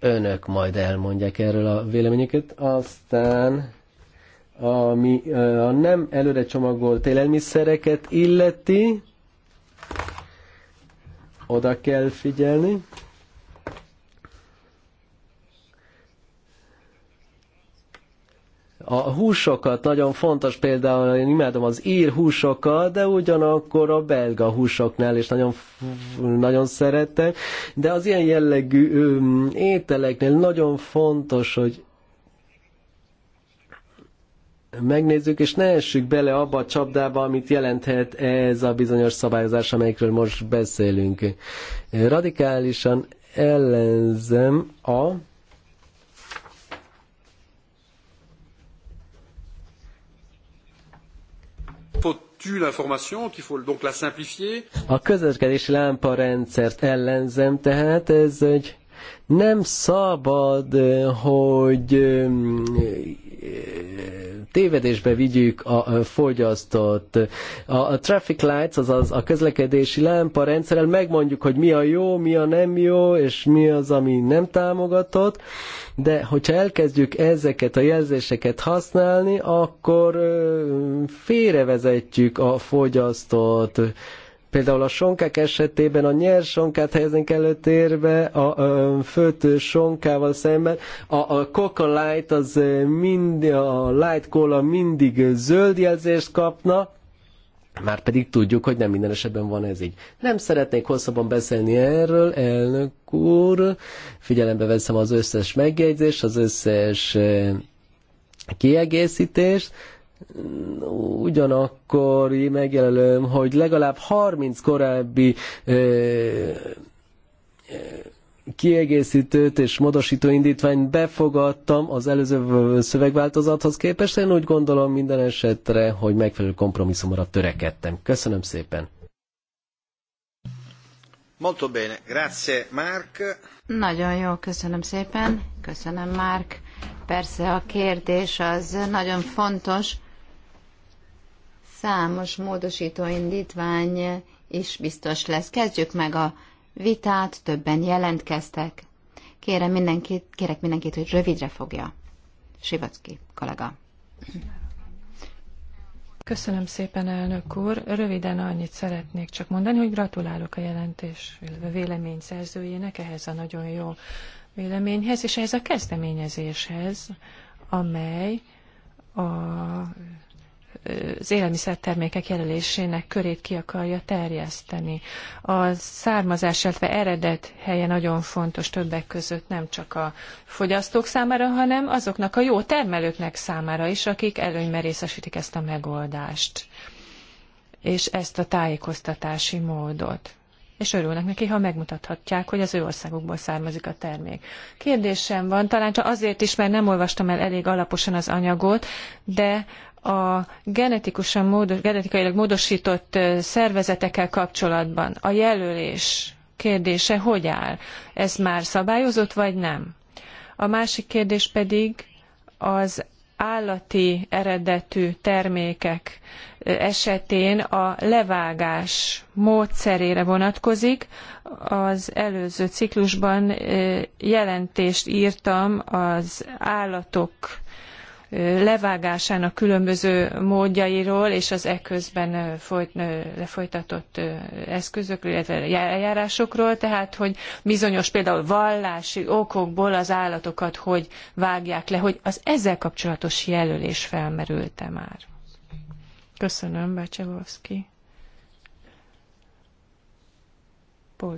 Önök majd elmondják erről a véleményeket, Aztán ami eh, a nem előre csomagolt élelmiszereket illeti, oda kell figyelni. a húsokat nagyon fontos, például én imádom az ír húsokat, de ugyanakkor a belga húsoknál is nagyon, nagyon szeretem, de az ilyen jellegű öm, ételeknél nagyon fontos, hogy megnézzük, és ne essük bele abba a csapdába, amit jelenthet ez a bizonyos szabályozás, amelyikről most beszélünk. Radikálisan ellenzem a tue l'information, qu'il faut donc la simplifier. A közlekedési lámparendszert ellenzem, tehát ez egy nem szabad, hogy tévedésbe vigyük a fogyasztót. A traffic lights, azaz a közlekedési lámpa rendszerrel megmondjuk, hogy mi a jó, mi a nem jó, és mi az, ami nem támogatott, de hogyha elkezdjük ezeket a jelzéseket használni, akkor félrevezetjük a fogyasztót. Például a sonkák esetében a nyers sonkát helyezünk előtérbe, a, a főtő sonkával szemben. A, a Coca Light, az mind, a Light Cola mindig zöld jelzést kapna, már pedig tudjuk, hogy nem minden esetben van ez így. Nem szeretnék hosszabban beszélni erről, elnök úr. Figyelembe veszem az összes megjegyzést, az összes kiegészítést ugyanakkor megjelölöm, hogy legalább 30 korábbi kiegészítőt és módosító indítványt befogadtam az előző szövegváltozathoz képest. Én úgy gondolom minden esetre, hogy megfelelő kompromisszumra törekedtem. Köszönöm szépen. Molto bene, grazie Mark. Nagyon jó, köszönöm szépen. Köszönöm Mark. Persze a kérdés az nagyon fontos, számos módosító indítvány is biztos lesz. Kezdjük meg a vitát, többen jelentkeztek. Kérem mindenkit, kérek mindenkit, hogy rövidre fogja. Sivacki kollega. Köszönöm szépen, elnök úr. Röviden annyit szeretnék csak mondani, hogy gratulálok a jelentés, illetve vélemény szerzőjének ehhez a nagyon jó véleményhez, és ehhez a kezdeményezéshez, amely a az élelmiszertermékek jelölésének körét ki akarja terjeszteni. A származás, illetve eredet helye nagyon fontos többek között nem csak a fogyasztók számára, hanem azoknak a jó termelőknek számára is, akik előnyben részesítik ezt a megoldást és ezt a tájékoztatási módot. És örülnek neki, ha megmutathatják, hogy az ő országukból származik a termék. Kérdésem van, talán csak azért is, mert nem olvastam el elég alaposan az anyagot, de a genetikusan módos, genetikailag módosított szervezetekkel kapcsolatban a jelölés kérdése hogy áll? Ez már szabályozott, vagy nem? A másik kérdés pedig az állati eredetű termékek esetén a levágás módszerére vonatkozik. Az előző ciklusban jelentést írtam az állatok levágásának különböző módjairól és az eközben folyt, lefolytatott eszközökről, illetve eljárásokról, tehát hogy bizonyos például vallási okokból az állatokat hogy vágják le, hogy az ezzel kapcsolatos jelölés felmerült-e már. Köszönöm, Bácsevovszki. Paul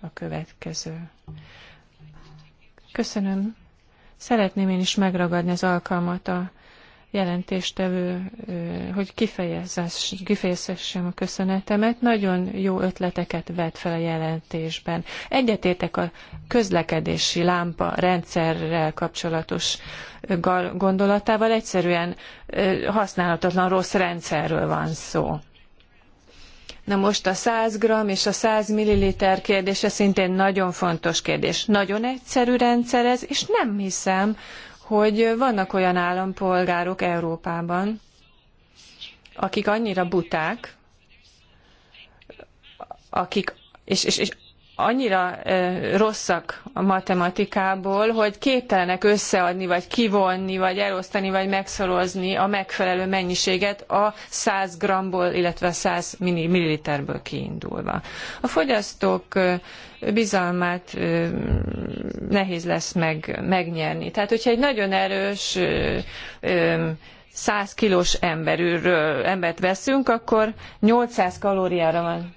a következő. Köszönöm. Szeretném én is megragadni az alkalmat a jelentéstevő, hogy kifejezhessem a köszönetemet. Nagyon jó ötleteket vett fel a jelentésben. Egyetértek a közlekedési lámpa rendszerrel kapcsolatos gondolatával. Egyszerűen használhatatlan rossz rendszerről van szó. Na most a 100 g és a 100 ml kérdése szintén nagyon fontos kérdés. Nagyon egyszerű rendszer ez, és nem hiszem, hogy vannak olyan állampolgárok Európában, akik annyira buták, akik, és, és, és annyira rosszak a matematikából, hogy képtelenek összeadni, vagy kivonni, vagy elosztani, vagy megszorozni a megfelelő mennyiséget a 100 g-ból, illetve 100 milliliterből kiindulva. A fogyasztók bizalmát nehéz lesz meg, megnyerni. Tehát, hogyha egy nagyon erős 100 kilós emberről, embert veszünk, akkor 800 kalóriára van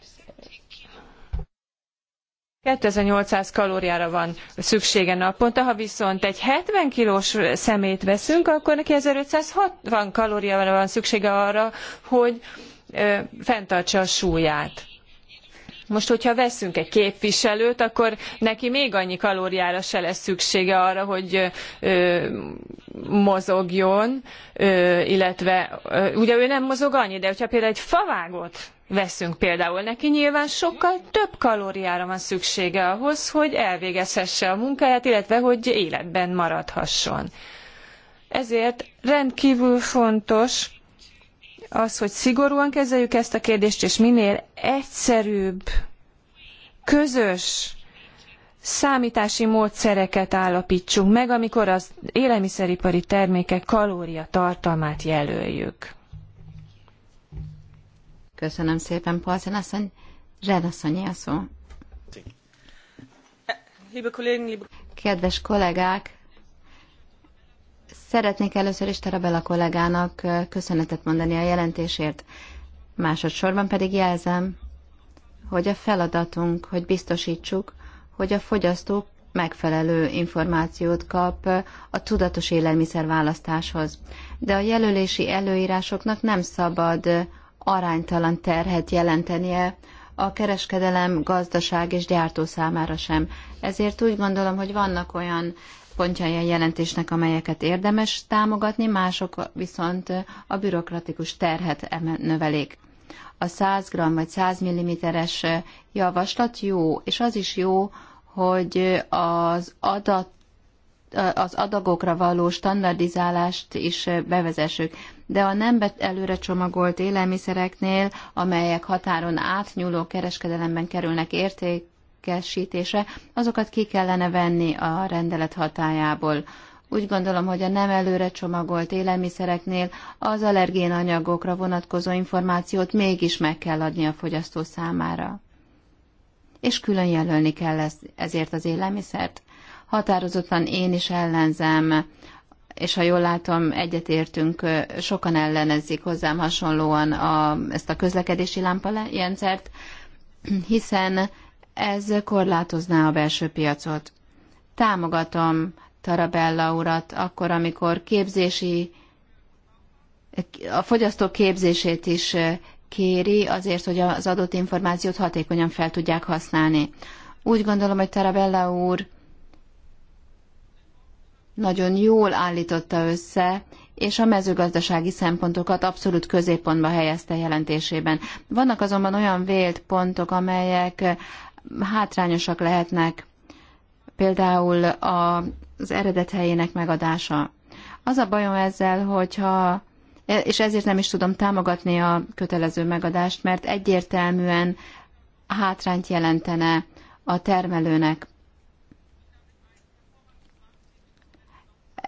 2800 kalóriára van szüksége naponta, ha viszont egy 70 kilós szemét veszünk, akkor neki 1560 kalóriára van szüksége arra, hogy ö, fenntartsa a súlyát. Most, hogyha veszünk egy képviselőt, akkor neki még annyi kalóriára se lesz szüksége arra, hogy ö, mozogjon, ö, illetve ö, ugye ő nem mozog annyi, de hogyha például egy favágot veszünk például neki, nyilván sokkal több kalóriára van szüksége ahhoz, hogy elvégezhesse a munkáját, illetve hogy életben maradhasson. Ezért rendkívül fontos az, hogy szigorúan kezeljük ezt a kérdést, és minél egyszerűbb, közös számítási módszereket állapítsunk meg, amikor az élelmiszeripari termékek kalória tartalmát jelöljük. Köszönöm szépen, Polzen asszony. Zsed asszonyi a szó. Kedves kollégák, szeretnék először is Tarabella kollégának köszönetet mondani a jelentésért. Másodszorban pedig jelzem, hogy a feladatunk, hogy biztosítsuk, hogy a fogyasztók megfelelő információt kap a tudatos élelmiszer választáshoz. De a jelölési előírásoknak nem szabad aránytalan terhet jelentenie a kereskedelem, gazdaság és gyártó számára sem. Ezért úgy gondolom, hogy vannak olyan pontjai a jelentésnek, amelyeket érdemes támogatni, mások viszont a bürokratikus terhet növelik. A 100 g vagy 100 mm-es javaslat jó, és az is jó, hogy az adat az adagokra való standardizálást is bevezessük de a nem előre csomagolt élelmiszereknél, amelyek határon átnyúló kereskedelemben kerülnek értékesítése, azokat ki kellene venni a rendelet hatájából. Úgy gondolom, hogy a nem előre csomagolt élelmiszereknél az allergén anyagokra vonatkozó információt mégis meg kell adni a fogyasztó számára. És külön jelölni kell ezért az élelmiszert. Határozottan én is ellenzem és ha jól látom, egyetértünk, sokan ellenezzik hozzám hasonlóan a, ezt a közlekedési lámparendszert, hiszen ez korlátozná a belső piacot. Támogatom Tarabella urat akkor, amikor képzési, a fogyasztó képzését is kéri azért, hogy az adott információt hatékonyan fel tudják használni. Úgy gondolom, hogy Tarabella úr nagyon jól állította össze, és a mezőgazdasági szempontokat abszolút középpontba helyezte jelentésében. Vannak azonban olyan vélt pontok, amelyek hátrányosak lehetnek, például az eredet helyének megadása. Az a bajom ezzel, hogyha és ezért nem is tudom támogatni a kötelező megadást, mert egyértelműen hátrányt jelentene a termelőnek.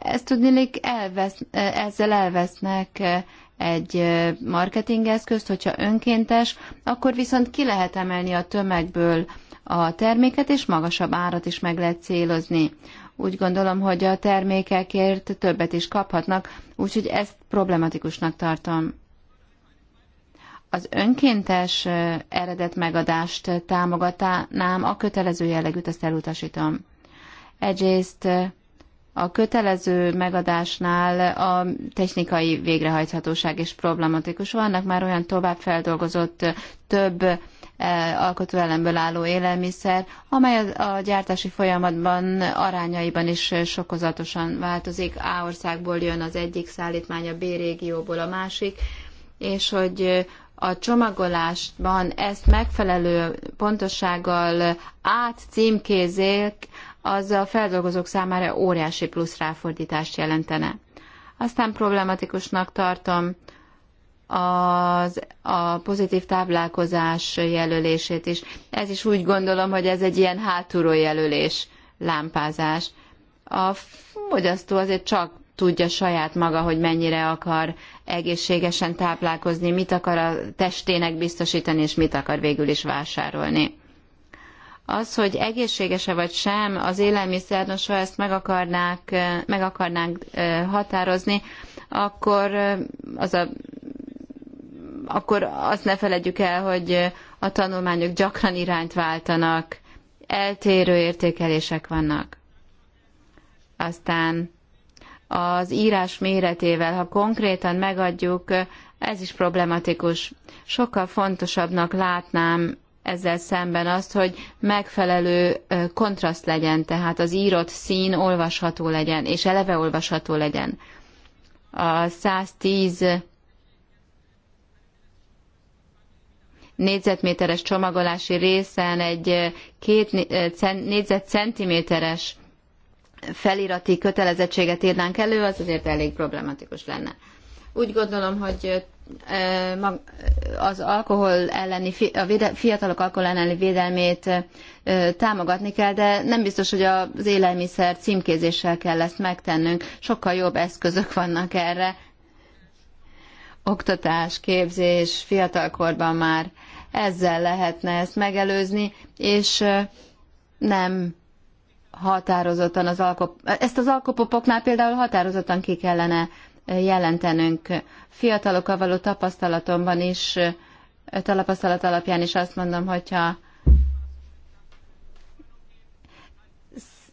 ezt tudnélik, elvesz, ezzel elvesznek egy marketingeszközt, hogyha önkéntes, akkor viszont ki lehet emelni a tömegből a terméket, és magasabb árat is meg lehet célozni. Úgy gondolom, hogy a termékekért többet is kaphatnak, úgyhogy ezt problematikusnak tartom. Az önkéntes eredet megadást támogatnám, a kötelező jellegűt azt elutasítom. Egyrészt a kötelező megadásnál a technikai végrehajthatóság is problematikus. Vannak már olyan továbbfeldolgozott több eh, alkotóelemből álló élelmiszer, amely a gyártási folyamatban arányaiban is sokozatosan változik. A országból jön az egyik szállítmány, a B régióból a másik, és hogy a csomagolásban ezt megfelelő pontossággal átcímkézzék az a feldolgozók számára óriási plusz ráfordítást jelentene. Aztán problematikusnak tartom az, a pozitív táplálkozás jelölését is. Ez is úgy gondolom, hogy ez egy ilyen hátulról jelölés, lámpázás. A fogyasztó azért csak tudja saját maga, hogy mennyire akar egészségesen táplálkozni, mit akar a testének biztosítani, és mit akar végül is vásárolni. Az, hogy egészségese vagy sem az élelmiszer, nos, ha ezt meg, akarnák, meg akarnánk határozni, akkor az a akkor azt ne feledjük el, hogy a tanulmányok gyakran irányt váltanak, eltérő értékelések vannak. Aztán az írás méretével, ha konkrétan megadjuk, ez is problematikus. Sokkal fontosabbnak látnám ezzel szemben azt, hogy megfelelő kontraszt legyen, tehát az írott szín olvasható legyen, és eleve olvasható legyen. A 110 négyzetméteres csomagolási részen egy két négyzetcentiméteres felirati kötelezettséget írnánk elő, az azért elég problematikus lenne. Úgy gondolom, hogy az alkohol elleni, a fiatalok alkohol elleni védelmét támogatni kell, de nem biztos, hogy az élelmiszer címkézéssel kell ezt megtennünk. Sokkal jobb eszközök vannak erre. Oktatás, képzés, fiatalkorban már ezzel lehetne ezt megelőzni, és nem határozottan az alkop... Ezt az alkopopoknál például határozottan ki kellene jelentenünk. Fiatalokkal való tapasztalatomban is, tapasztalat alapján is azt mondom, hogyha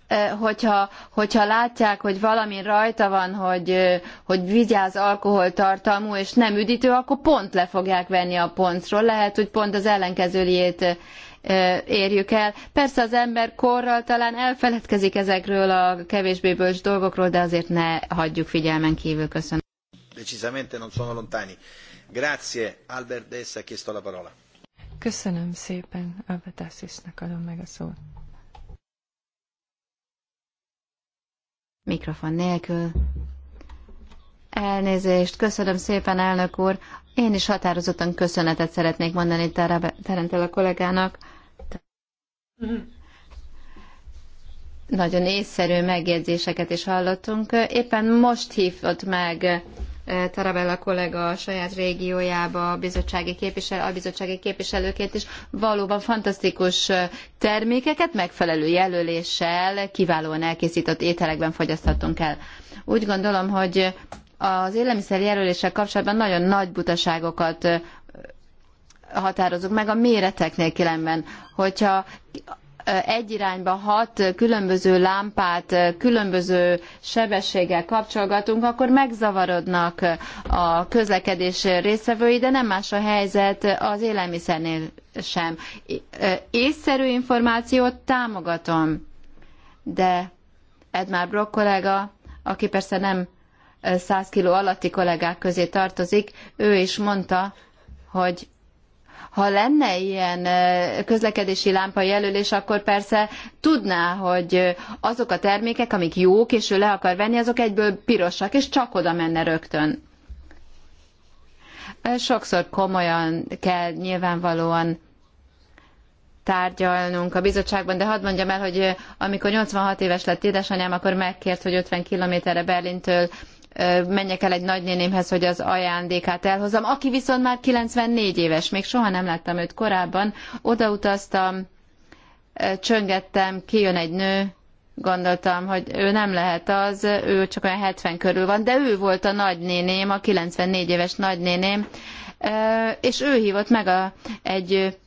eh, hogyha, hogyha látják, hogy valami rajta van, hogy, hogy vigyáz alkoholtartalmú, és nem üdítő, akkor pont le fogják venni a pontról. Lehet, hogy pont az ellenkezőjét érjük el. Persze az ember korral talán elfeledkezik ezekről a kevésbé bölcs dolgokról, de azért ne hagyjuk figyelmen kívül. Köszönöm. Decisamente non sono lontani. Grazie, Albert Dess ha chiesto la parola. Köszönöm szépen, Albert Assisnak adom meg a szót. Mikrofon nélkül. Elnézést, köszönöm szépen, elnök úr. Én is határozottan köszönetet szeretnék mondani Terentel a kollégának. Nagyon észszerű megjegyzéseket is hallottunk. Éppen most hívott meg eh, Tarabella kollega a saját régiójába a bizottsági, képviselő, a bizottsági képviselőként is valóban fantasztikus eh, termékeket megfelelő jelöléssel kiválóan elkészített ételekben fogyaszthatunk el. Úgy gondolom, hogy az jelöléssel kapcsolatban nagyon nagy butaságokat határozunk meg a méreteknél kilenben, hogyha egy irányba hat különböző lámpát különböző sebességgel kapcsolgatunk, akkor megzavarodnak a közlekedés résztvevői, de nem más a helyzet az élelmiszernél sem. Észszerű információt támogatom, de Edmár Brock kollega, aki persze nem 100 kiló alatti kollégák közé tartozik, ő is mondta, hogy ha lenne ilyen közlekedési lámpa jelölés, akkor persze tudná, hogy azok a termékek, amik jók, és ő le akar venni, azok egyből pirosak, és csak oda menne rögtön. Sokszor komolyan kell nyilvánvalóan tárgyalnunk a bizottságban, de hadd mondjam el, hogy amikor 86 éves lett édesanyám, akkor megkért, hogy 50 kilométerre Berlintől menjek el egy nagynénémhez, hogy az ajándékát elhozzam, aki viszont már 94 éves, még soha nem láttam őt korábban, odautaztam, csöngettem, kijön egy nő, gondoltam, hogy ő nem lehet az, ő csak olyan 70 körül van, de ő volt a nagynéném, a 94 éves nagynéném, és ő hívott meg a, egy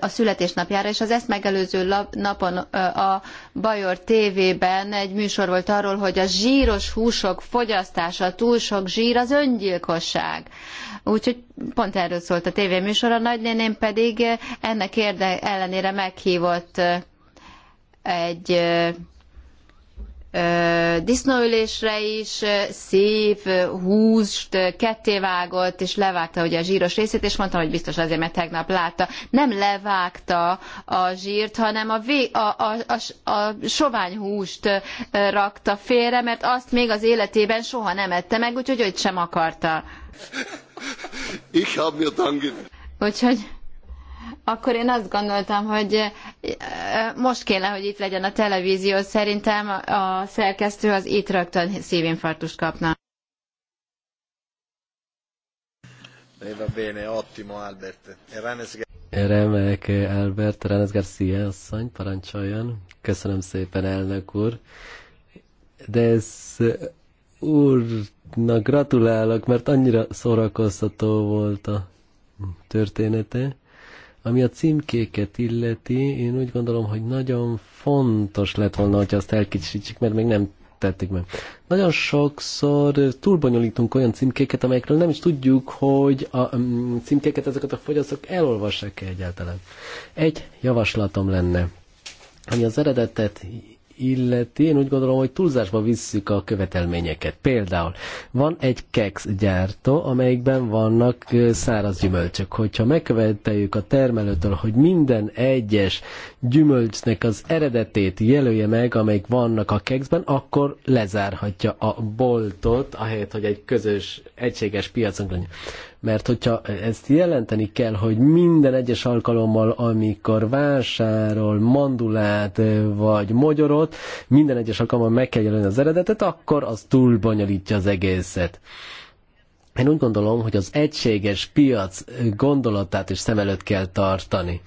a születésnapjára, és az ezt megelőző napon a Bajor TV-ben egy műsor volt arról, hogy a zsíros húsok fogyasztása, túl sok zsír az öngyilkosság. Úgyhogy pont erről szólt a tévéműsor, a nagynéném pedig ennek érde ellenére meghívott egy disznóülésre is szív, húst, kettévágott, és levágta ugye a zsíros részét, és mondtam, hogy biztos azért, mert tegnap látta. Nem levágta a zsírt, hanem a, a, a, a, a sovány húst rakta félre, mert azt még az életében soha nem ette meg, úgyhogy őt sem akarta. Ich hab mir dann Úgyhogy akkor én azt gondoltam, hogy eh, most kéne, hogy itt legyen a televízió. Szerintem a szerkesztő az itt rögtön szívinfarktust kapna. Eh, va bene, ottimo Albert. Eh, Remek Albert, Renes Garcia asszony, parancsoljon. Köszönöm szépen, elnök úr. De ez úrnak gratulálok, mert annyira szórakoztató volt a története. Ami a címkéket illeti, én úgy gondolom, hogy nagyon fontos lett volna, hogy azt elkicsítsük, mert még nem tették meg. Nagyon sokszor túlbonyolítunk olyan címkéket, amelyekről nem is tudjuk, hogy a mm, címkéket ezeket a fogyasztók elolvassák -e egyáltalán. Egy javaslatom lenne, ami az eredetet illeti, én úgy gondolom, hogy túlzásba visszük a követelményeket. Például van egy keks gyártó, amelyikben vannak száraz gyümölcsök. Hogyha megköveteljük a termelőtől, hogy minden egyes gyümölcsnek az eredetét jelölje meg, amelyik vannak a kekszben, akkor lezárhatja a boltot, ahelyett, hogy egy közös, egységes piacon legyen. Mert hogyha ezt jelenteni kell, hogy minden egyes alkalommal, amikor vásárol mandulát eh, vagy magyarot, minden egyes alkalommal meg kell jelenni az eredetet, akkor az túl bonyolítja az egészet. Én úgy gondolom, hogy az egységes piac gondolatát is szem előtt kell tartani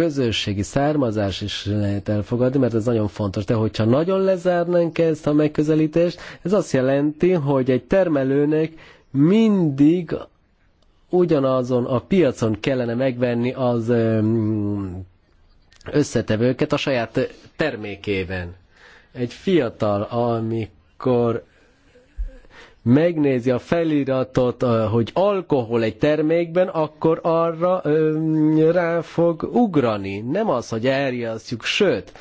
közösségi származás is lehet elfogadni, mert ez nagyon fontos. De hogyha nagyon lezárnánk ezt a megközelítést, ez azt jelenti, hogy egy termelőnek mindig ugyanazon a piacon kellene megvenni az összetevőket a saját termékében. Egy fiatal, amikor megnézi a feliratot, hogy alkohol egy termékben, akkor arra rá fog ugrani. Nem az, hogy elriasztjuk, sőt,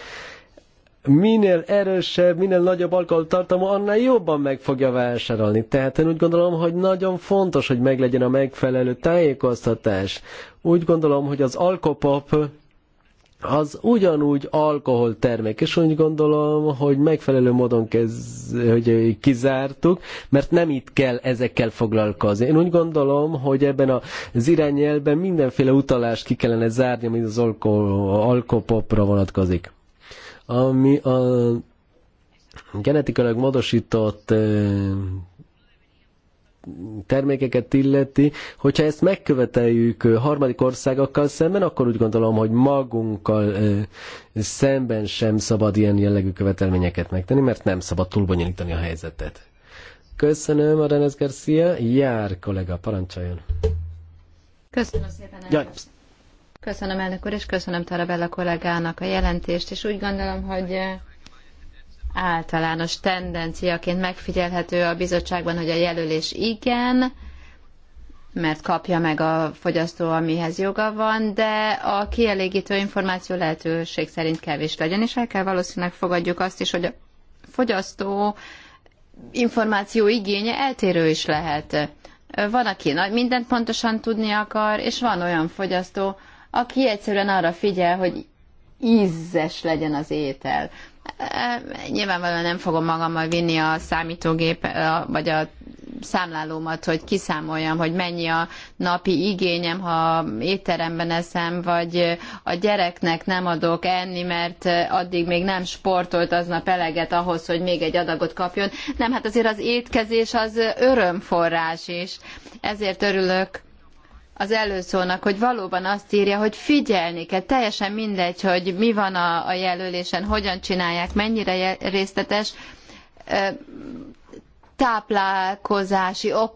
minél erősebb, minél nagyobb alkoholtartalmú, annál jobban meg fogja vásárolni. Tehát én úgy gondolom, hogy nagyon fontos, hogy meglegyen a megfelelő tájékoztatás. Úgy gondolom, hogy az alkopop az ugyanúgy alkohol termék, és úgy gondolom, hogy megfelelő módon kez, hogy kizártuk, mert nem itt kell ezekkel foglalkozni. Én úgy gondolom, hogy ebben az irányelben mindenféle utalást ki kellene zárni, ami az alkohol, alkopopra vonatkozik. Ami a genetikailag módosított eh, termékeket illeti, hogyha ezt megköveteljük harmadik országokkal szemben, akkor úgy gondolom, hogy magunkkal szemben sem szabad ilyen jellegű követelményeket megtenni, mert nem szabad túlbonyolítani a helyzetet. Köszönöm, Arenes Garcia. Jár, kollega, parancsoljon. Köszönöm szépen. Jaj. Köszönöm elnök úr, és köszönöm Tarabella kollégának a jelentést, és úgy gondolom, hogy általános tendenciaként megfigyelhető a bizottságban, hogy a jelölés igen, mert kapja meg a fogyasztó, amihez joga van, de a kielégítő információ lehetőség szerint kevés legyen, és el kell valószínűleg fogadjuk azt is, hogy a fogyasztó információ igénye eltérő is lehet. Van, aki mindent pontosan tudni akar, és van olyan fogyasztó, aki egyszerűen arra figyel, hogy ízes legyen az étel. Nyilvánvalóan nem fogom magammal vinni a számítógép, vagy a számlálómat, hogy kiszámoljam, hogy mennyi a napi igényem, ha étteremben eszem, vagy a gyereknek nem adok enni, mert addig még nem sportolt aznap eleget ahhoz, hogy még egy adagot kapjon. Nem, hát azért az étkezés az örömforrás is. Ezért örülök az előszónak, hogy valóban azt írja, hogy figyelni kell, teljesen mindegy, hogy mi van a, a jelölésen, hogyan csinálják, mennyire részletes, táplálkozási ok,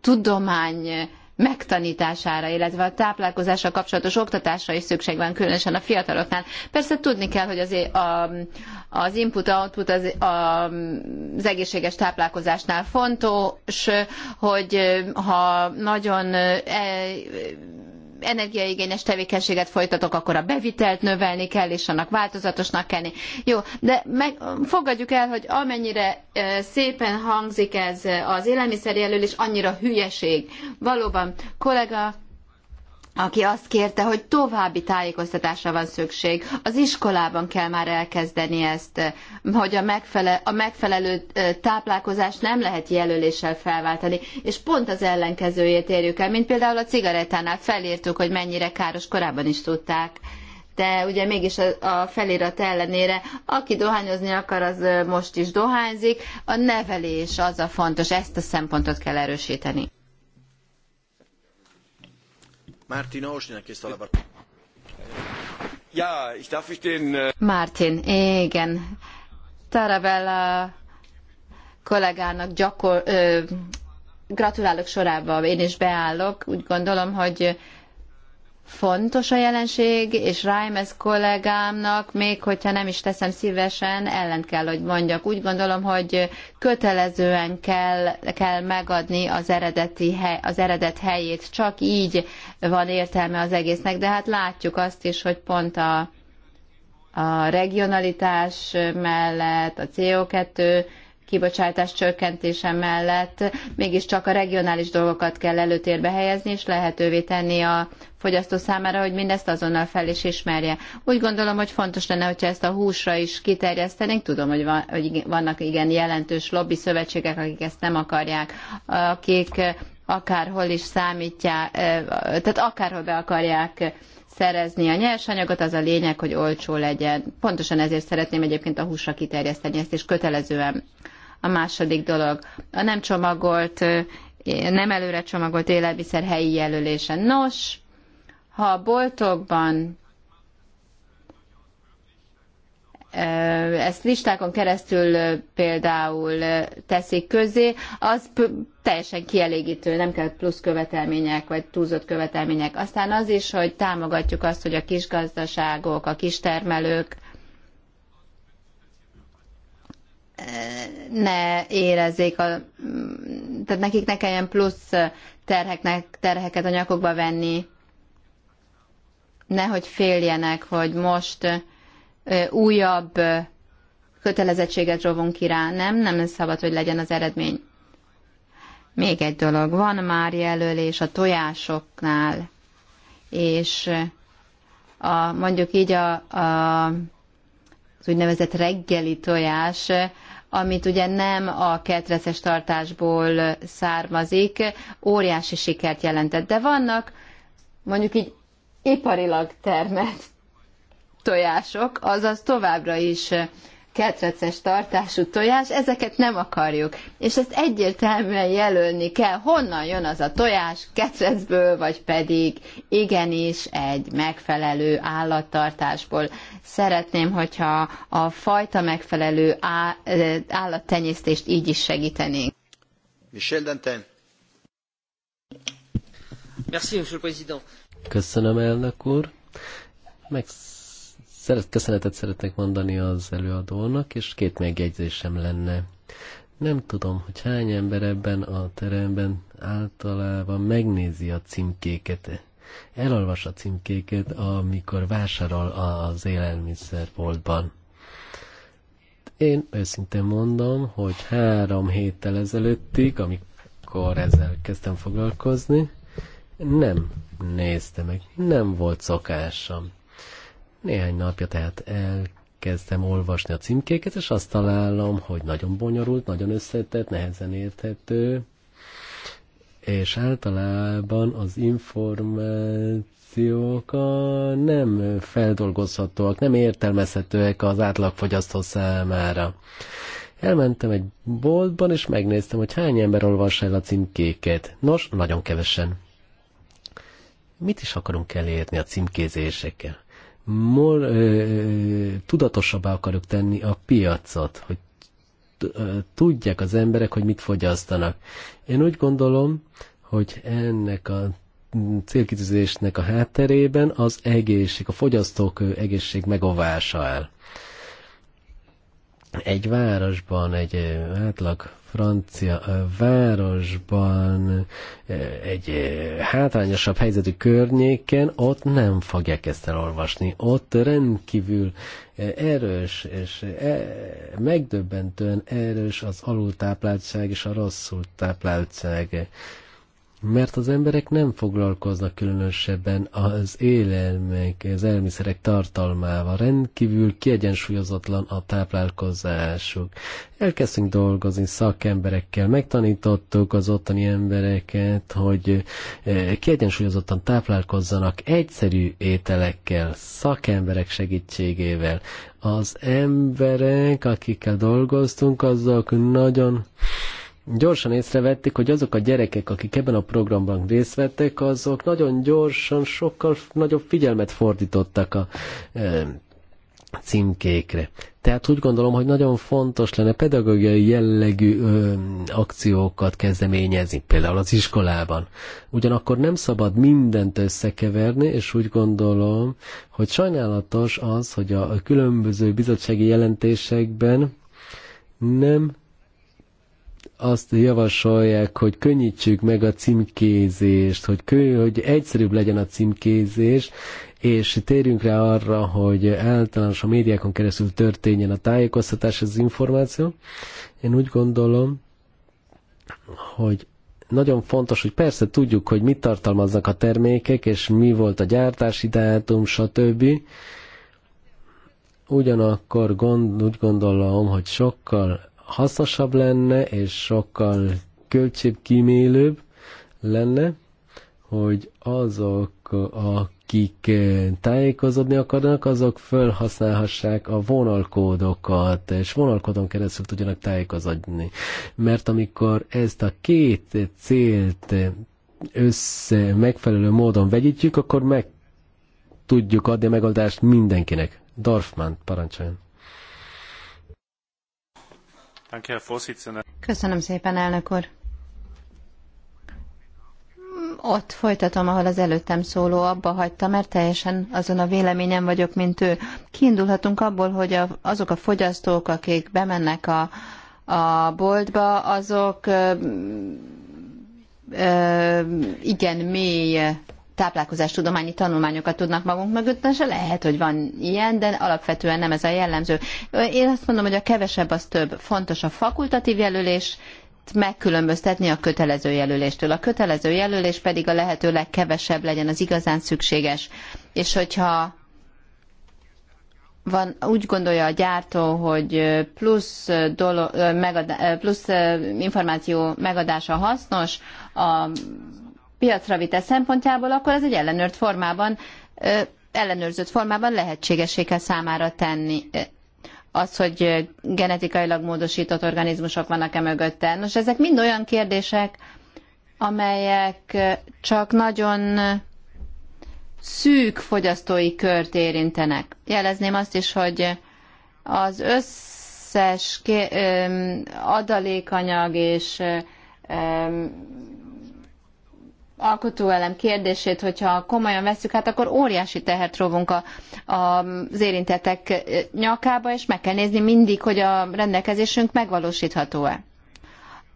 tudomány megtanítására, illetve a táplálkozással kapcsolatos oktatásra is szükség van, különösen a fiataloknál. Persze tudni kell, hogy az, a, az input-output az, a, az egészséges táplálkozásnál fontos, hogy ha nagyon e, energiaigényes tevékenységet folytatok, akkor a bevitelt növelni kell, és annak változatosnak kell. Jó, de meg, fogadjuk el, hogy amennyire szépen hangzik ez az élelmiszerjelölés, annyira hülyeség. Valóban, kollega aki azt kérte, hogy további tájékoztatásra van szükség. Az iskolában kell már elkezdeni ezt, hogy a, megfele- a megfelelő táplálkozást nem lehet jelöléssel felváltani, és pont az ellenkezőjét érjük el, mint például a cigarettánál felírtuk, hogy mennyire káros, korábban is tudták de ugye mégis a, felirat ellenére, aki dohányozni akar, az most is dohányzik. A nevelés az a fontos, ezt a szempontot kell erősíteni. Ja, ich darf ich den... Äh, Martin, igen. Tarabella kollégának gyakor, ö, gratulálok sorába, én is beállok. Úgy gondolom, hogy fontos a jelenség, és Reimers kollégámnak, még hogyha nem is teszem szívesen, ellen kell, hogy mondjak. Úgy gondolom, hogy kötelezően kell, kell megadni az, eredeti hely, az eredet helyét. Csak így van értelme az egésznek, de hát látjuk azt is, hogy pont a, a regionalitás mellett, a CO2 kibocsátás csökkentése mellett mégiscsak a regionális dolgokat kell előtérbe helyezni, és lehetővé tenni a fogyasztó számára, hogy mindezt azonnal fel is ismerje. Úgy gondolom, hogy fontos lenne, hogyha ezt a húsra is kiterjesztenénk. Tudom, hogy, van, hogy vannak igen jelentős lobby szövetségek, akik ezt nem akarják, akik akárhol is számítják, tehát akárhol be akarják szerezni a nyersanyagot, az a lényeg, hogy olcsó legyen. Pontosan ezért szeretném egyébként a húsra kiterjeszteni ezt, és kötelezően. A második dolog, a nem csomagolt, nem előre csomagolt élelmiszer helyi jelölése. Nos, ha a boltokban ezt listákon keresztül például teszik közé, az teljesen kielégítő, nem kell plusz követelmények, vagy túlzott követelmények. Aztán az is, hogy támogatjuk azt, hogy a kisgazdaságok, a kistermelők ne érezzék, a, tehát nekik ne kelljen plusz terheknek, terheket a nyakukba venni, nehogy féljenek, hogy most újabb kötelezettséget rovunk ki rá. Nem, nem szabad, hogy legyen az eredmény. Még egy dolog, van már jelölés a tojásoknál, és a, mondjuk így a, a, az úgynevezett reggeli tojás amit ugye nem a ketreces tartásból származik, óriási sikert jelentett. De vannak mondjuk így iparilag termet tojások, azaz továbbra is ketreces tartású tojás, ezeket nem akarjuk. És ezt egyértelműen jelölni kell, honnan jön az a tojás, ketrecből, vagy pedig igenis egy megfelelő állattartásból. Szeretném, hogyha a fajta megfelelő állattenyésztést így is segítenénk. Michel Dantin. Merci, Monsieur le Président. Köszönöm, elnök úr. Meg szeret, köszönetet szeretnék mondani az előadónak, és két megjegyzésem lenne. Nem tudom, hogy hány ember ebben a teremben általában megnézi a címkéket, elolvas a címkéket, amikor vásárol az élelmiszerboltban. Én őszintén mondom, hogy három héttel ezelőttig, amikor ezzel kezdtem foglalkozni, nem nézte meg, nem volt szokásom. Néhány napja tehát elkezdtem olvasni a címkéket, és azt találom, hogy nagyon bonyolult, nagyon összetett, nehezen érthető, és általában az információk a nem feldolgozhatóak, nem értelmezhetőek az átlagfogyasztó számára. Elmentem egy boltban, és megnéztem, hogy hány ember olvassa el a címkéket. Nos, nagyon kevesen. Mit is akarunk elérni a címkézésekkel? mol, ö, tudatosabbá akarjuk tenni a piacot, hogy tudják az emberek, hogy mit fogyasztanak. Én úgy gondolom, hogy ennek a célkitűzésnek a hátterében az egészség, a fogyasztók egészség megovása el egy városban, egy átlag francia városban, egy hátrányosabb helyzetű környéken, ott nem fogják ezt elolvasni. Ott rendkívül erős és e, megdöbbentően erős az alultápláltság és a rosszul tápláltság mert az emberek nem foglalkoznak különösebben az élelmek, az elmiszerek tartalmával. Rendkívül kiegyensúlyozatlan a táplálkozásuk. Elkezdtünk dolgozni szakemberekkel, megtanítottuk az ottani embereket, hogy eh, kiegyensúlyozottan táplálkozzanak egyszerű ételekkel, szakemberek segítségével. Az emberek, akikkel dolgoztunk, azok nagyon gyorsan észrevették, hogy azok a gyerekek, akik ebben a programban részt vettek, azok nagyon gyorsan, sokkal nagyobb figyelmet fordítottak a e, címkékre. Tehát úgy gondolom, hogy nagyon fontos lenne pedagógiai jellegű ö, akciókat kezdeményezni, például az iskolában. Ugyanakkor nem szabad mindent összekeverni, és úgy gondolom, hogy sajnálatos az, hogy a különböző bizottsági jelentésekben nem azt javasolják, hogy könnyítsük meg a címkézést, hogy, kö, hogy egyszerűbb legyen a címkézés, és térjünk rá arra, hogy általános a médiákon keresztül történjen a tájékoztatás, az információ. Én úgy gondolom, hogy nagyon fontos, hogy persze tudjuk, hogy mit tartalmaznak a termékek, és mi volt a gyártási dátum, stb. Ugyanakkor gond, úgy gondolom, hogy sokkal hasznosabb lenne, és sokkal kímélőbb lenne, hogy azok, akik tájékozódni akarnak, azok felhasználhassák a vonalkódokat, és vonalkódon keresztül tudjanak tájékozódni. Mert amikor ezt a két célt össze megfelelő módon vegyítjük, akkor meg tudjuk adni a megoldást mindenkinek. Dorfman, parancsoljon. Köszönöm szépen, elnök úr. Ott folytatom, ahol az előttem szóló abba hagyta, mert teljesen azon a véleményem vagyok, mint ő. Kiindulhatunk abból, hogy a, azok a fogyasztók, akik bemennek a, a boltba, azok ö, ö, igen mély táplálkozástudományi tanulmányokat tudnak magunk mögött, és lehet, hogy van ilyen, de alapvetően nem ez a jellemző. Én azt mondom, hogy a kevesebb az több. Fontos a fakultatív jelölés, megkülönböztetni a kötelező jelöléstől. A kötelező jelölés pedig a lehető legkevesebb legyen, az igazán szükséges. És hogyha van, úgy gondolja a gyártó, hogy plusz, dolog, megadá, plusz információ megadása hasznos, a piacra vite szempontjából, akkor ez egy ellenőrt formában, ellenőrzött formában lehetségesé kell számára tenni az, hogy genetikailag módosított organizmusok vannak-e mögötte. Nos, ezek mind olyan kérdések, amelyek csak nagyon szűk fogyasztói kört érintenek. Jelezném azt is, hogy az összes adalékanyag és alkotóelem kérdését, hogyha komolyan vesszük, hát akkor óriási tehert rovunk a, a, az érintettek nyakába, és meg kell nézni mindig, hogy a rendelkezésünk megvalósítható-e.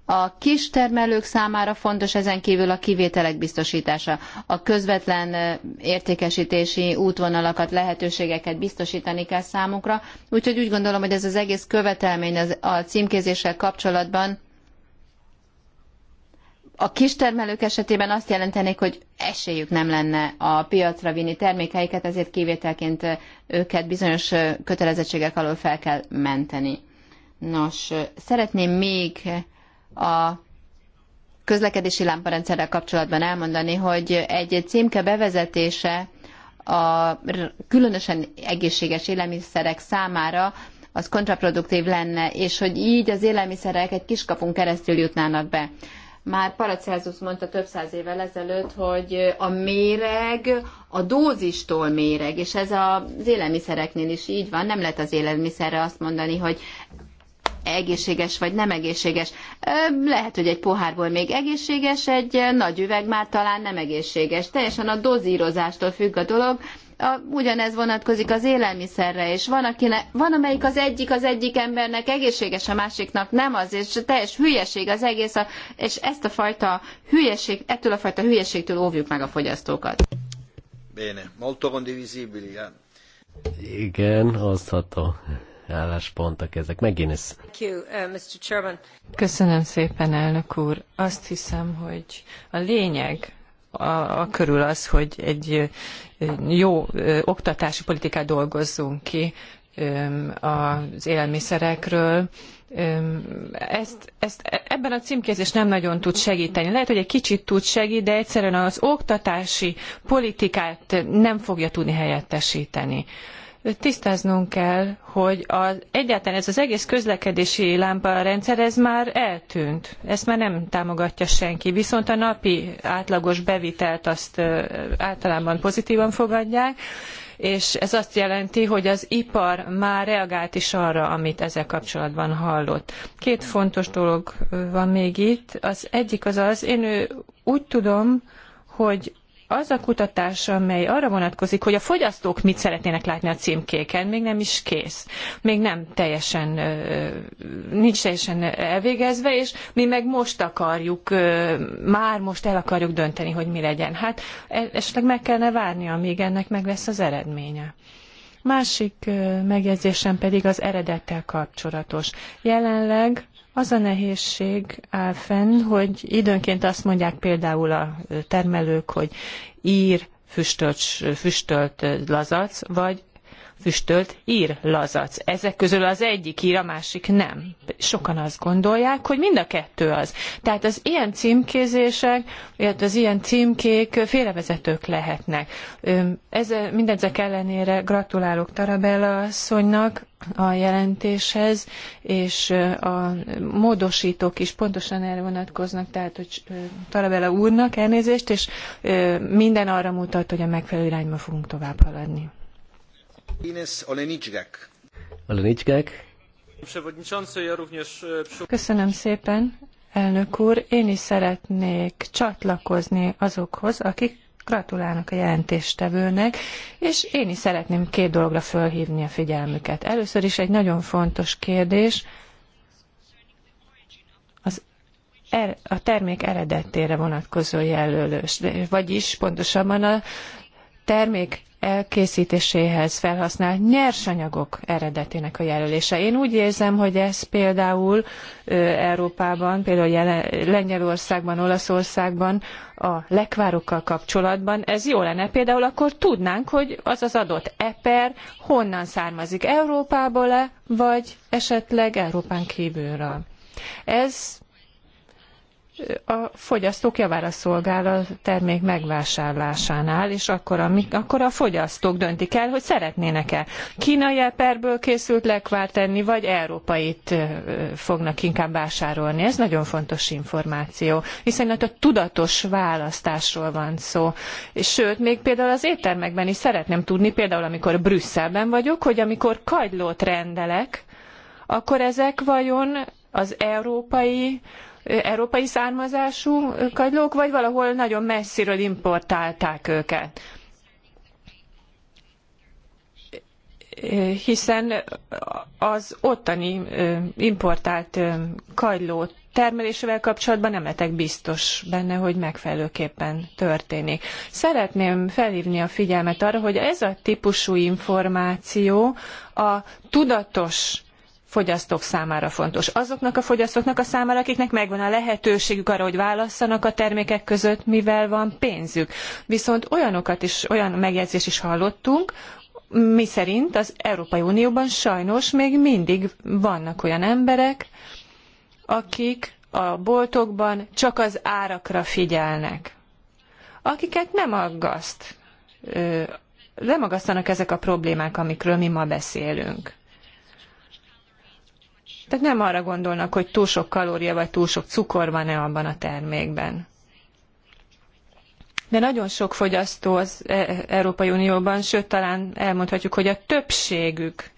A kis termelők számára fontos ezen kívül a kivételek biztosítása, a közvetlen értékesítési útvonalakat, lehetőségeket biztosítani kell számukra, úgyhogy úgy gondolom, hogy ez az egész követelmény a címkézéssel kapcsolatban a kistermelők esetében azt jelentenék, hogy esélyük nem lenne a piacra vinni termékeiket, ezért kivételként őket bizonyos kötelezettségek alól fel kell menteni. Nos, szeretném még a közlekedési lámparendszerrel kapcsolatban elmondani, hogy egy címke bevezetése a különösen egészséges élelmiszerek számára az kontraproduktív lenne, és hogy így az élelmiszerek egy kiskapunk keresztül jutnának be. Már Paracelsus mondta több száz évvel ezelőtt, hogy a méreg a dózistól méreg, és ez az élelmiszereknél is így van. Nem lehet az élelmiszerre azt mondani, hogy egészséges vagy nem egészséges. Lehet, hogy egy pohárból még egészséges, egy nagy üveg már talán nem egészséges. Teljesen a dozírozástól függ a dolog, a, ugyanez vonatkozik az élelmiszerre, és van, akine, van, amelyik az egyik az egyik embernek egészséges, a másiknak nem az, és teljes hülyeség az egész, a, és ezt a fajta hülyeség, ettől a fajta hülyeségtől óvjuk meg a fogyasztókat. Bene, molto condivisibili. Eh? Igen, osztható álláspontok ezek. Megint uh, Köszönöm szépen, elnök úr. Azt hiszem, hogy a lényeg a, a körül az, hogy egy jó oktatási politikát dolgozzunk ki az élelmiszerekről. Ezt, ezt, ebben a címkézés nem nagyon tud segíteni. Lehet, hogy egy kicsit tud segíteni, de egyszerűen az oktatási politikát nem fogja tudni helyettesíteni tisztáznunk kell, hogy az, egyáltalán ez az egész közlekedési lámparendszer, ez már eltűnt. Ezt már nem támogatja senki. Viszont a napi átlagos bevitelt azt általában pozitívan fogadják, és ez azt jelenti, hogy az ipar már reagált is arra, amit ezzel kapcsolatban hallott. Két fontos dolog van még itt. Az egyik az az, én úgy tudom, hogy az a kutatás, amely arra vonatkozik, hogy a fogyasztók mit szeretnének látni a címkéken, még nem is kész. Még nem teljesen, nincs teljesen elvégezve, és mi meg most akarjuk, már most el akarjuk dönteni, hogy mi legyen. Hát e-, esetleg meg kellene várni, amíg ennek meg lesz az eredménye. Másik megjegyzésem pedig az eredettel kapcsolatos. Jelenleg az a nehézség áll fenn, hogy időnként azt mondják például a termelők, hogy ír füstölt, füstölt lazac, vagy füstölt ír lazac. Ezek közül az egyik ír, a másik nem. Sokan azt gondolják, hogy mind a kettő az. Tehát az ilyen címkézések, illetve az ilyen címkék félrevezetők lehetnek. Ez, mindezek ellenére gratulálok Tarabella asszonynak a jelentéshez, és a módosítók is pontosan erre vonatkoznak, tehát hogy Tarabella úrnak elnézést, és minden arra mutat, hogy a megfelelő irányba fogunk tovább haladni. E, Köszönöm szépen, elnök úr. Én is szeretnék csatlakozni azokhoz, akik gratulálnak a jelentéstevőnek, és én is szeretném két dologra fölhívni a figyelmüket. Először is egy nagyon fontos kérdés, Er, a termék eredetére vonatkozó jelölés, vagyis pontosabban a termék elkészítéséhez felhasznált nyersanyagok eredetének a jelölése. Én úgy érzem, hogy ez például Európában, például Lengyelországban, Olaszországban a lekvárokkal kapcsolatban ez jó lenne. Például akkor tudnánk, hogy az az adott eper honnan származik, Európából-e, vagy esetleg Európán kívülről. Ez a fogyasztók javára szolgál a termék megvásárlásánál, és akkor, akkor a fogyasztók döntik el, hogy szeretnének-e kínai eperből készült lekvárt enni, vagy európait fognak inkább vásárolni. Ez nagyon fontos információ, hiszen ott a tudatos választásról van szó. Sőt, még például az éttermekben is szeretném tudni, például amikor Brüsszelben vagyok, hogy amikor kagylót rendelek, akkor ezek vajon az európai európai származású kagylók, vagy valahol nagyon messziről importálták őket. Hiszen az ottani importált kagyló termelésével kapcsolatban nem letek biztos benne, hogy megfelelőképpen történik. Szeretném felhívni a figyelmet arra, hogy ez a típusú információ a tudatos fogyasztók számára fontos. Azoknak a fogyasztóknak a számára, akiknek megvan a lehetőségük arra, hogy válasszanak a termékek között, mivel van pénzük. Viszont olyanokat is, olyan megjegyzést is hallottunk, miszerint az Európai Unióban sajnos még mindig vannak olyan emberek, akik a boltokban csak az árakra figyelnek, akiket nem aggaszt, nem aggasztanak ezek a problémák, amikről mi ma beszélünk. Tehát nem arra gondolnak, hogy túl sok kalória vagy túl sok cukor van-e abban a termékben. De nagyon sok fogyasztó az e- e- Európai Unióban, sőt talán elmondhatjuk, hogy a többségük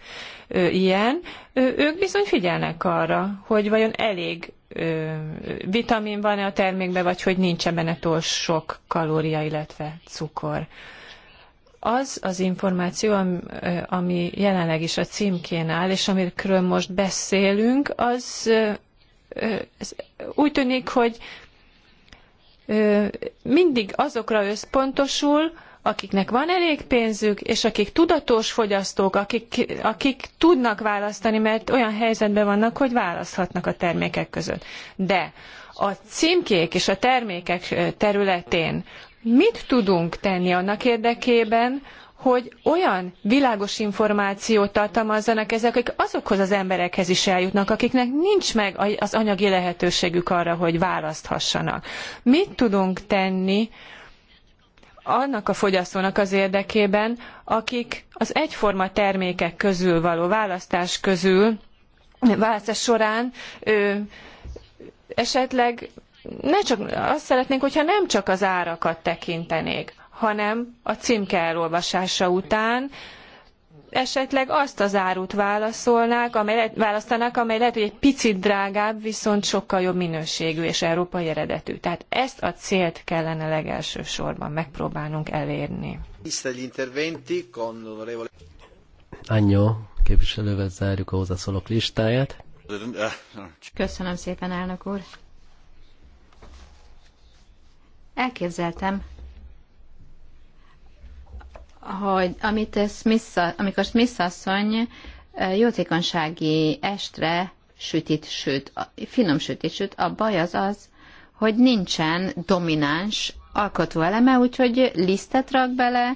ilyen, ők bizony figyelnek arra, hogy vajon elég vitamin van-e a termékben, vagy hogy nincsen benne túl sok kalória, illetve cukor az az információ, ami jelenleg is a címkén áll, és amiről most beszélünk, az úgy tűnik, hogy mindig azokra összpontosul, akiknek van elég pénzük, és akik tudatos fogyasztók, akik, akik tudnak választani, mert olyan helyzetben vannak, hogy választhatnak a termékek között. De a címkék és a termékek területén Mit tudunk tenni annak érdekében, hogy olyan világos információt tartalmazzanak ezek, akik azokhoz az emberekhez is eljutnak, akiknek nincs meg az anyagi lehetőségük arra, hogy választhassanak. Mit tudunk tenni annak a fogyasztónak az érdekében, akik az egyforma termékek közül való választás közül, választás során esetleg ne csak, azt szeretnénk, hogyha nem csak az árakat tekintenék, hanem a címke elolvasása után esetleg azt az árut válaszolnák, amely, választanák, amely lehet, hogy egy picit drágább, viszont sokkal jobb minőségű és európai eredetű. Tehát ezt a célt kellene legelső sorban megpróbálnunk elérni. Anyó, képviselővel zárjuk a hozzászólók listáját. Eh, eh. Köszönöm szépen, elnök úr. Elképzeltem, hogy amit Smith, amikor Smith asszony jótékonysági estre sütit süt, finom sütit süt, a baj az az, hogy nincsen domináns alkotó eleme, úgyhogy lisztet rak bele,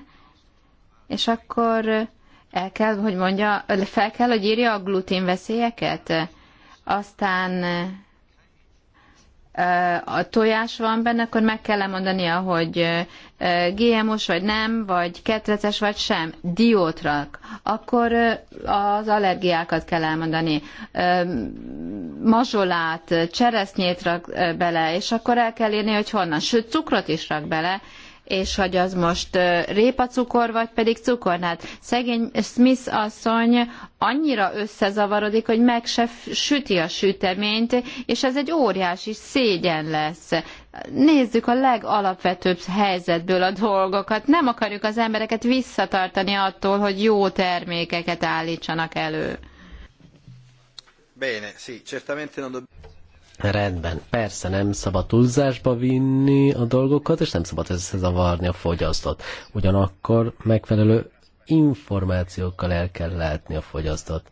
és akkor el kell, hogy mondja, fel kell, hogy írja a glutén veszélyeket, aztán a tojás van benne, akkor meg kell mondania, hogy GMO-s vagy nem, vagy ketreces vagy sem, diótrak, akkor az allergiákat kell elmondani. Mazsolát, cseresznyét rak bele, és akkor el kell írni, hogy honnan. Sőt, cukrot is rak bele, és hogy az most répacukor vagy pedig cukornát. Szegény Smith asszony annyira összezavarodik, hogy meg se süti a süteményt, és ez egy óriási szégyen lesz. Nézzük a legalapvetőbb helyzetből a dolgokat. Nem akarjuk az embereket visszatartani attól, hogy jó termékeket állítsanak elő. Bene, sì, certamente non dobbiamo... Rendben, persze nem szabad túlzásba vinni a dolgokat, és nem szabad ezzel zavarni a fogyasztót. Ugyanakkor megfelelő információkkal el kell látni a fogyasztót.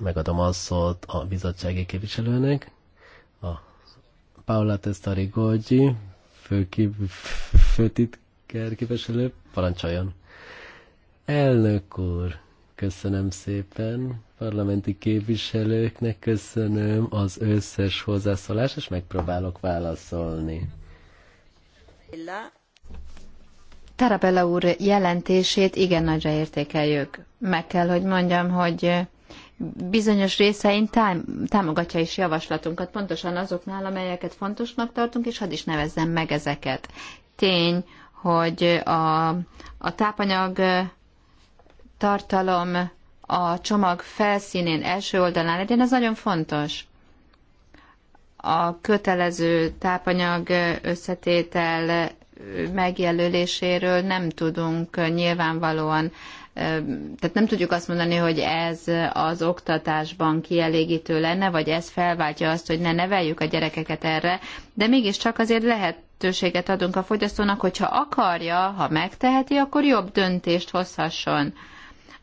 Megadom a szót a bizottsági képviselőnek, a Paula Testari Gogyi, főkép, főtitkár képviselő, parancsoljon. Elnök úr, köszönöm szépen parlamenti képviselőknek köszönöm az összes hozzászólás, és megpróbálok válaszolni. Tarabella úr jelentését igen nagyra értékeljük. Meg kell, hogy mondjam, hogy bizonyos részein támogatja is javaslatunkat, pontosan azoknál, amelyeket fontosnak tartunk, és hadd is nevezzem meg ezeket. Tény, hogy a, a tápanyag tartalom a csomag felszínén, első oldalán legyen, ez nagyon fontos. A kötelező tápanyag összetétel megjelöléséről nem tudunk nyilvánvalóan, tehát nem tudjuk azt mondani, hogy ez az oktatásban kielégítő lenne, vagy ez felváltja azt, hogy ne neveljük a gyerekeket erre, de mégiscsak azért lehet lehetőséget adunk a fogyasztónak, hogyha akarja, ha megteheti, akkor jobb döntést hozhasson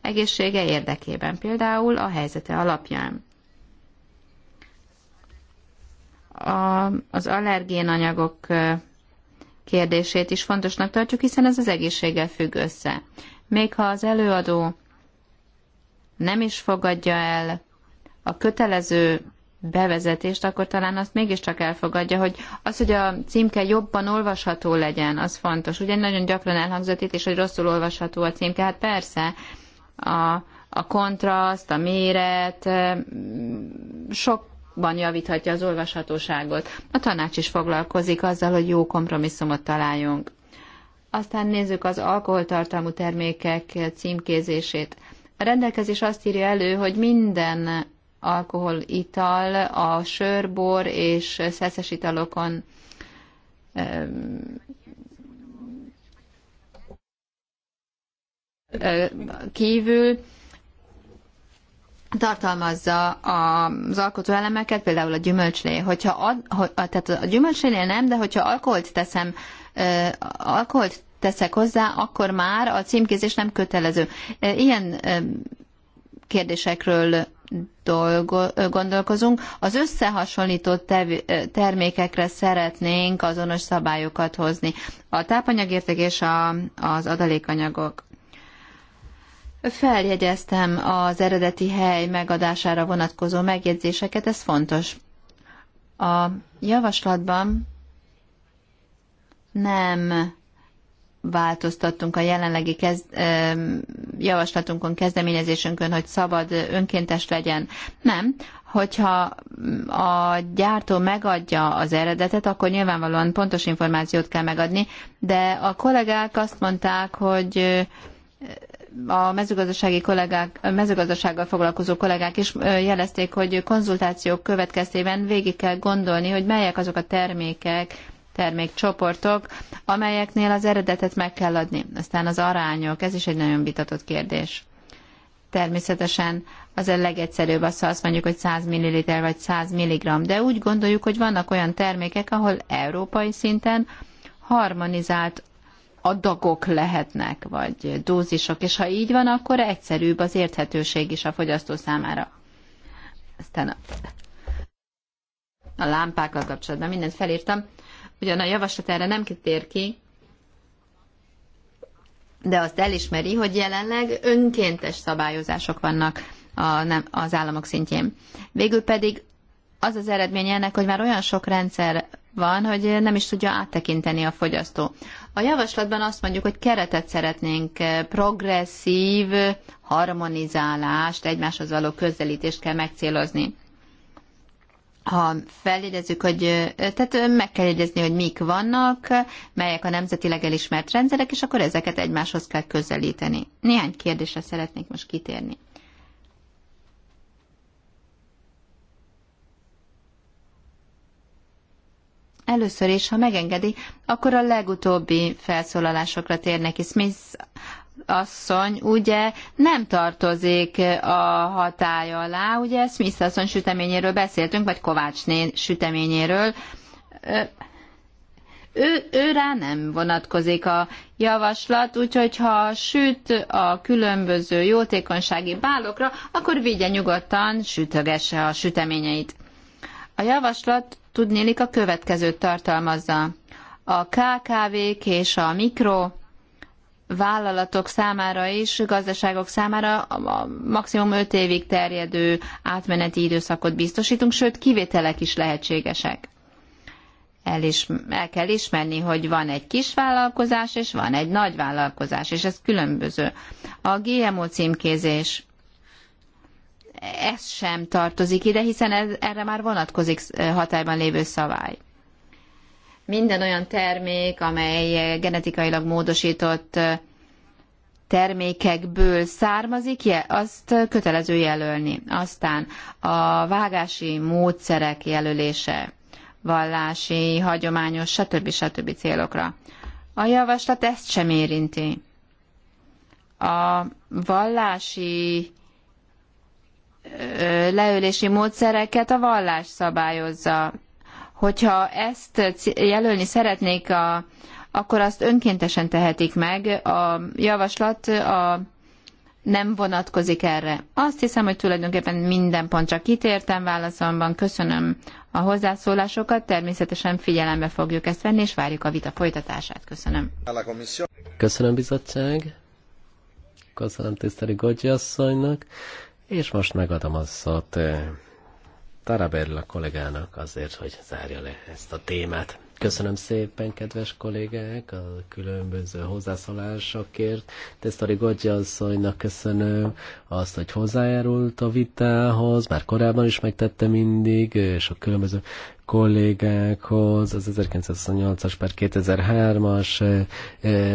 egészsége érdekében, például a helyzete alapján. A, az allergén anyagok kérdését is fontosnak tartjuk, hiszen ez az egészséggel függ össze. Még ha az előadó nem is fogadja el a kötelező bevezetést, akkor talán azt mégiscsak elfogadja, hogy az, hogy a címke jobban olvasható legyen, az fontos. Ugye nagyon gyakran elhangzott itt is, hogy rosszul olvasható a címke. Hát persze, a, a kontraszt, a méret, sokban javíthatja az olvashatóságot. A tanács is foglalkozik azzal, hogy jó kompromisszumot találjunk. Aztán nézzük az alkoholtartalmú termékek címkézését. A rendelkezés azt írja elő, hogy minden alkoholital a sörbor és szeszes italokon kívül tartalmazza az alkotó elemeket, például a gyümölcslé. Hogyha ad, tehát a gyümölcslénél nem, de hogyha alkoholt teszem, alkoholt teszek hozzá, akkor már a címkézés nem kötelező. Ilyen kérdésekről dolgo, gondolkozunk. Az összehasonlító tev, termékekre szeretnénk azonos szabályokat hozni. A tápanyagérték és a, az adalékanyagok. Feljegyeztem az eredeti hely megadására vonatkozó megjegyzéseket, ez fontos. A javaslatban nem változtattunk a jelenlegi kez, javaslatunkon, kezdeményezésünkön, hogy szabad önkéntes legyen. Nem. Hogyha a gyártó megadja az eredetet, akkor nyilvánvalóan pontos információt kell megadni, de a kollégák azt mondták, hogy a mezőgazdasági kollégák, a mezőgazdasággal foglalkozó kollégák is jelezték, hogy konzultációk következtében végig kell gondolni, hogy melyek azok a termékek, termékcsoportok, amelyeknél az eredetet meg kell adni. Aztán az arányok, ez is egy nagyon vitatott kérdés. Természetesen az a legegyszerűbb az, ha azt mondjuk, hogy 100 ml vagy 100 mg, de úgy gondoljuk, hogy vannak olyan termékek, ahol európai szinten harmonizált adagok lehetnek, vagy dózisok, és ha így van, akkor egyszerűbb az érthetőség is a fogyasztó számára. Aztán a, a lámpákkal kapcsolatban mindent felírtam. Ugyan a javaslat erre nem kitér ki, de azt elismeri, hogy jelenleg önkéntes szabályozások vannak a, nem, az államok szintjén. Végül pedig az az eredmény ennek, hogy már olyan sok rendszer van, hogy nem is tudja áttekinteni a fogyasztó. A javaslatban azt mondjuk, hogy keretet szeretnénk, progresszív harmonizálást, egymáshoz való közelítést kell megcélozni. Ha feljegyezzük, hogy tehát meg kell jegyezni, hogy mik vannak, melyek a nemzetileg elismert rendszerek, és akkor ezeket egymáshoz kell közelíteni. Néhány kérdésre szeretnék most kitérni. Először is, ha megengedi, akkor a legutóbbi felszólalásokra térnek is Smith asszony ugye nem tartozik a hatály alá, ugye Smith asszony süteményéről beszéltünk, vagy Kovácsné süteményéről. Ő, ő rá nem vonatkozik a javaslat, úgyhogy ha süt a különböző jótékonysági bálokra, akkor vigye nyugodtan, sütögesse a süteményeit. A javaslat tudnélik a következőt tartalmazza. A KKV-k és a mikro vállalatok számára is, gazdaságok számára a maximum 5 évig terjedő átmeneti időszakot biztosítunk, sőt kivételek is lehetségesek. El, is, el kell ismerni, hogy van egy kis vállalkozás, és van egy nagy vállalkozás, és ez különböző. A GMO címkézés ez sem tartozik ide, hiszen ez, erre már vonatkozik hatályban lévő szabály. Minden olyan termék, amely genetikailag módosított termékekből származik, azt kötelező jelölni. Aztán a vágási módszerek jelölése, vallási, hagyományos, stb. stb. célokra. A javaslat ezt sem érinti. A vallási leölési módszereket a vallás szabályozza. Hogyha ezt jelölni szeretnék, a, akkor azt önkéntesen tehetik meg. A javaslat a, nem vonatkozik erre. Azt hiszem, hogy tulajdonképpen minden pont csak kitértem válaszomban. Köszönöm a hozzászólásokat, természetesen figyelembe fogjuk ezt venni, és várjuk a vita folytatását. Köszönöm. Köszönöm bizottság. Köszönöm tiszteli Gogyi asszonynak. És most megadom a szót Tarabella kollégának azért, hogy zárja le ezt a témát. Köszönöm szépen, kedves kollégák, a különböző hozzászólásokért. Tesztori Godzsa asszonynak köszönöm azt, hogy hozzájárult a vitához, már korábban is megtette mindig, és a különböző kollégákhoz, az 1928-as per 2003-as eh,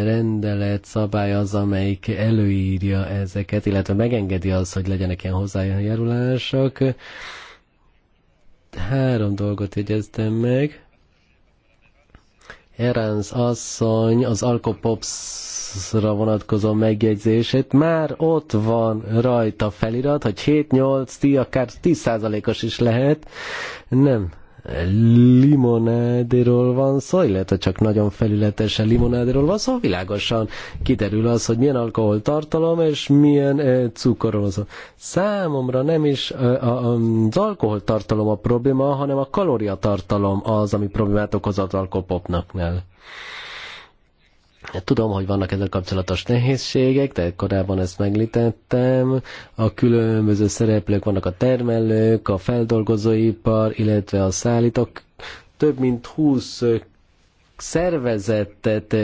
rendelet szabály az, amelyik előírja ezeket, illetve megengedi az, hogy legyenek ilyen hozzájárulások. Három dolgot jegyeztem meg. Eranz asszony az Alkopopsra vonatkozó megjegyzését, már ott van rajta felirat, hogy 7-8, akár 10%-os is lehet. Nem, limonádéról van szó, illetve csak nagyon felületesen limonádéról van szó, világosan kiderül az, hogy milyen alkoholtartalom és milyen eh, cukorról van szó. Számomra nem is eh, az alkoholtartalom a probléma, hanem a kalóriatartalom az, ami problémát okoz az alkopopnaknál. Tudom, hogy vannak ezzel kapcsolatos nehézségek, de korábban ezt meglítettem. A különböző szereplők vannak a termelők, a feldolgozóipar, illetve a szállítók. Több mint 20 szervezetet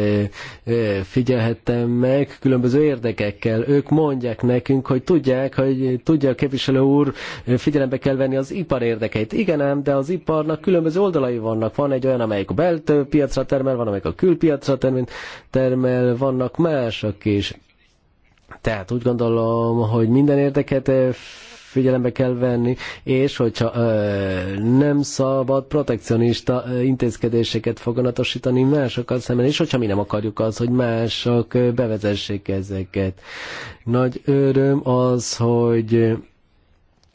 figyelhettem meg különböző érdekekkel. Ők mondják nekünk, hogy tudják, hogy tudja a képviselő úr, figyelembe kell venni az ipar érdekeit. Igen ám, de az iparnak különböző oldalai vannak. Van egy olyan, amelyik a piacra termel, van, amelyik a külpiacra termel, vannak mások is. Tehát úgy gondolom, hogy minden érdeket figyelembe kell venni, és hogyha nem szabad protekcionista intézkedéseket foganatosítani másokkal szemben, és hogyha mi nem akarjuk az, hogy mások bevezessék ezeket. Nagy öröm az, hogy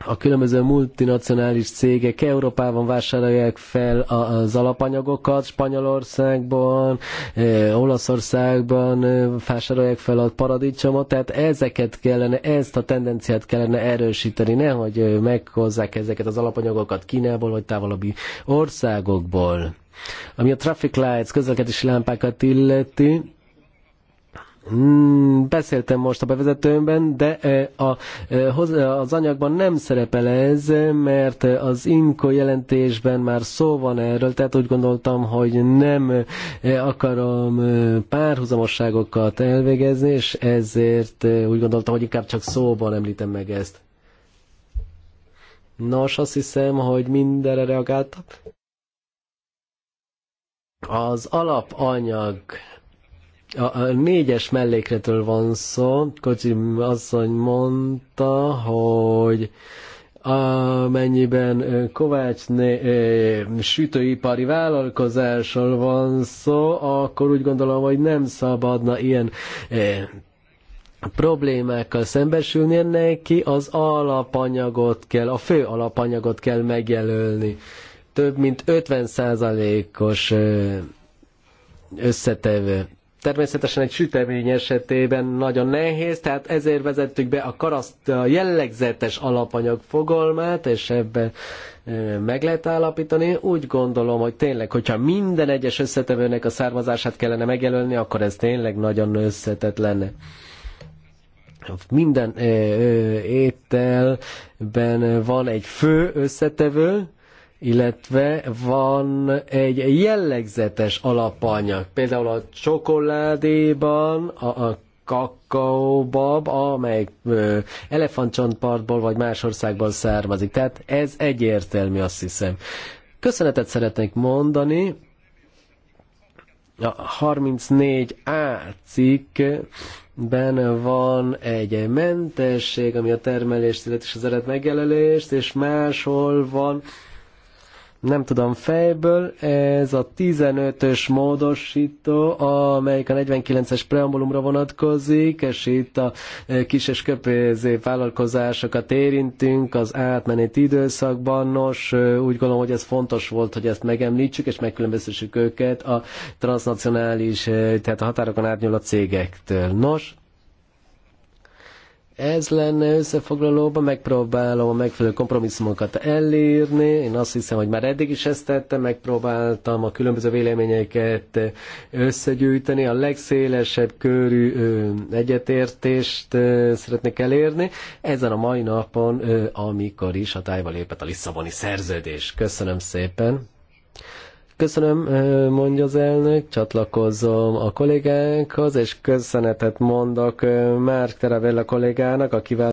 a különböző multinacionális cégek Európában vásárolják fel az alapanyagokat, Spanyolországban, eh, Olaszországban eh, vásárolják fel a paradicsomot, tehát ezeket kellene, ezt a tendenciát kellene erősíteni, nehogy eh, meghozzák ezeket az alapanyagokat Kínából vagy távolabbi országokból. Ami a traffic lights, közlekedési lámpákat illeti, Hmm, beszéltem most a bevezetőmben, de eh, a, eh, eh, az anyagban nem szerepel ez, mert az inko jelentésben már szó van erről, tehát úgy gondoltam, hogy nem akarom párhuzamosságokat elvégezni, és ezért úgy gondoltam, hogy inkább csak szóban említem meg ezt. Nos, azt hiszem, hogy mindenre reagáltak. Az alapanyag a, a négyes mellékletről van szó. Kocsi asszony mondta, hogy amennyiben é, sütőipari vállalkozásról van szó, akkor úgy gondolom, hogy nem szabadna ilyen problémákkal szembesülni neki, az alapanyagot kell, a fő alapanyagot kell megjelölni. Több mint 50 os összetevő Természetesen egy sütemény esetében nagyon nehéz, tehát ezért vezettük be a karaszt a jellegzetes alapanyag fogalmát, és ebben meg lehet állapítani. Úgy gondolom, hogy tényleg, hogyha minden egyes összetevőnek a származását kellene megjelölni, akkor ez tényleg nagyon összetett lenne minden ételben van egy fő összetevő, illetve van egy jellegzetes alapanyag, például a csokoládéban, a, a kakaobab, amely elefantcsontpartból vagy más országból származik. Tehát ez egyértelmű, azt hiszem. Köszönetet szeretnék mondani. A 34A cikkben van egy mentesség, ami a termelést, illetve az eredmegjelölést, és máshol van nem tudom fejből, ez a 15-ös módosító, amelyik a 49-es preambulumra vonatkozik, és itt a e, kis és köpézé vállalkozásokat érintünk az átmeneti időszakban. Nos, e, úgy gondolom, hogy ez fontos volt, hogy ezt megemlítsük, és megkülönböztessük őket a transnacionális, e, tehát a határokon átnyúló cégektől. Nos, ez lenne összefoglalóban, megpróbálom a megfelelő kompromisszumokat elérni. Én azt hiszem, hogy már eddig is ezt tettem, megpróbáltam a különböző véleményeket összegyűjteni, a legszélesebb körű egyetértést szeretnék elérni. Ezen a mai napon, amikor is a tájba lépett a Lisszaboni szerződés. Köszönöm szépen! Köszönöm, mondja az elnök, csatlakozom a kollégánkhoz, és köszönetet mondok Márk Teravella kollégának, akivel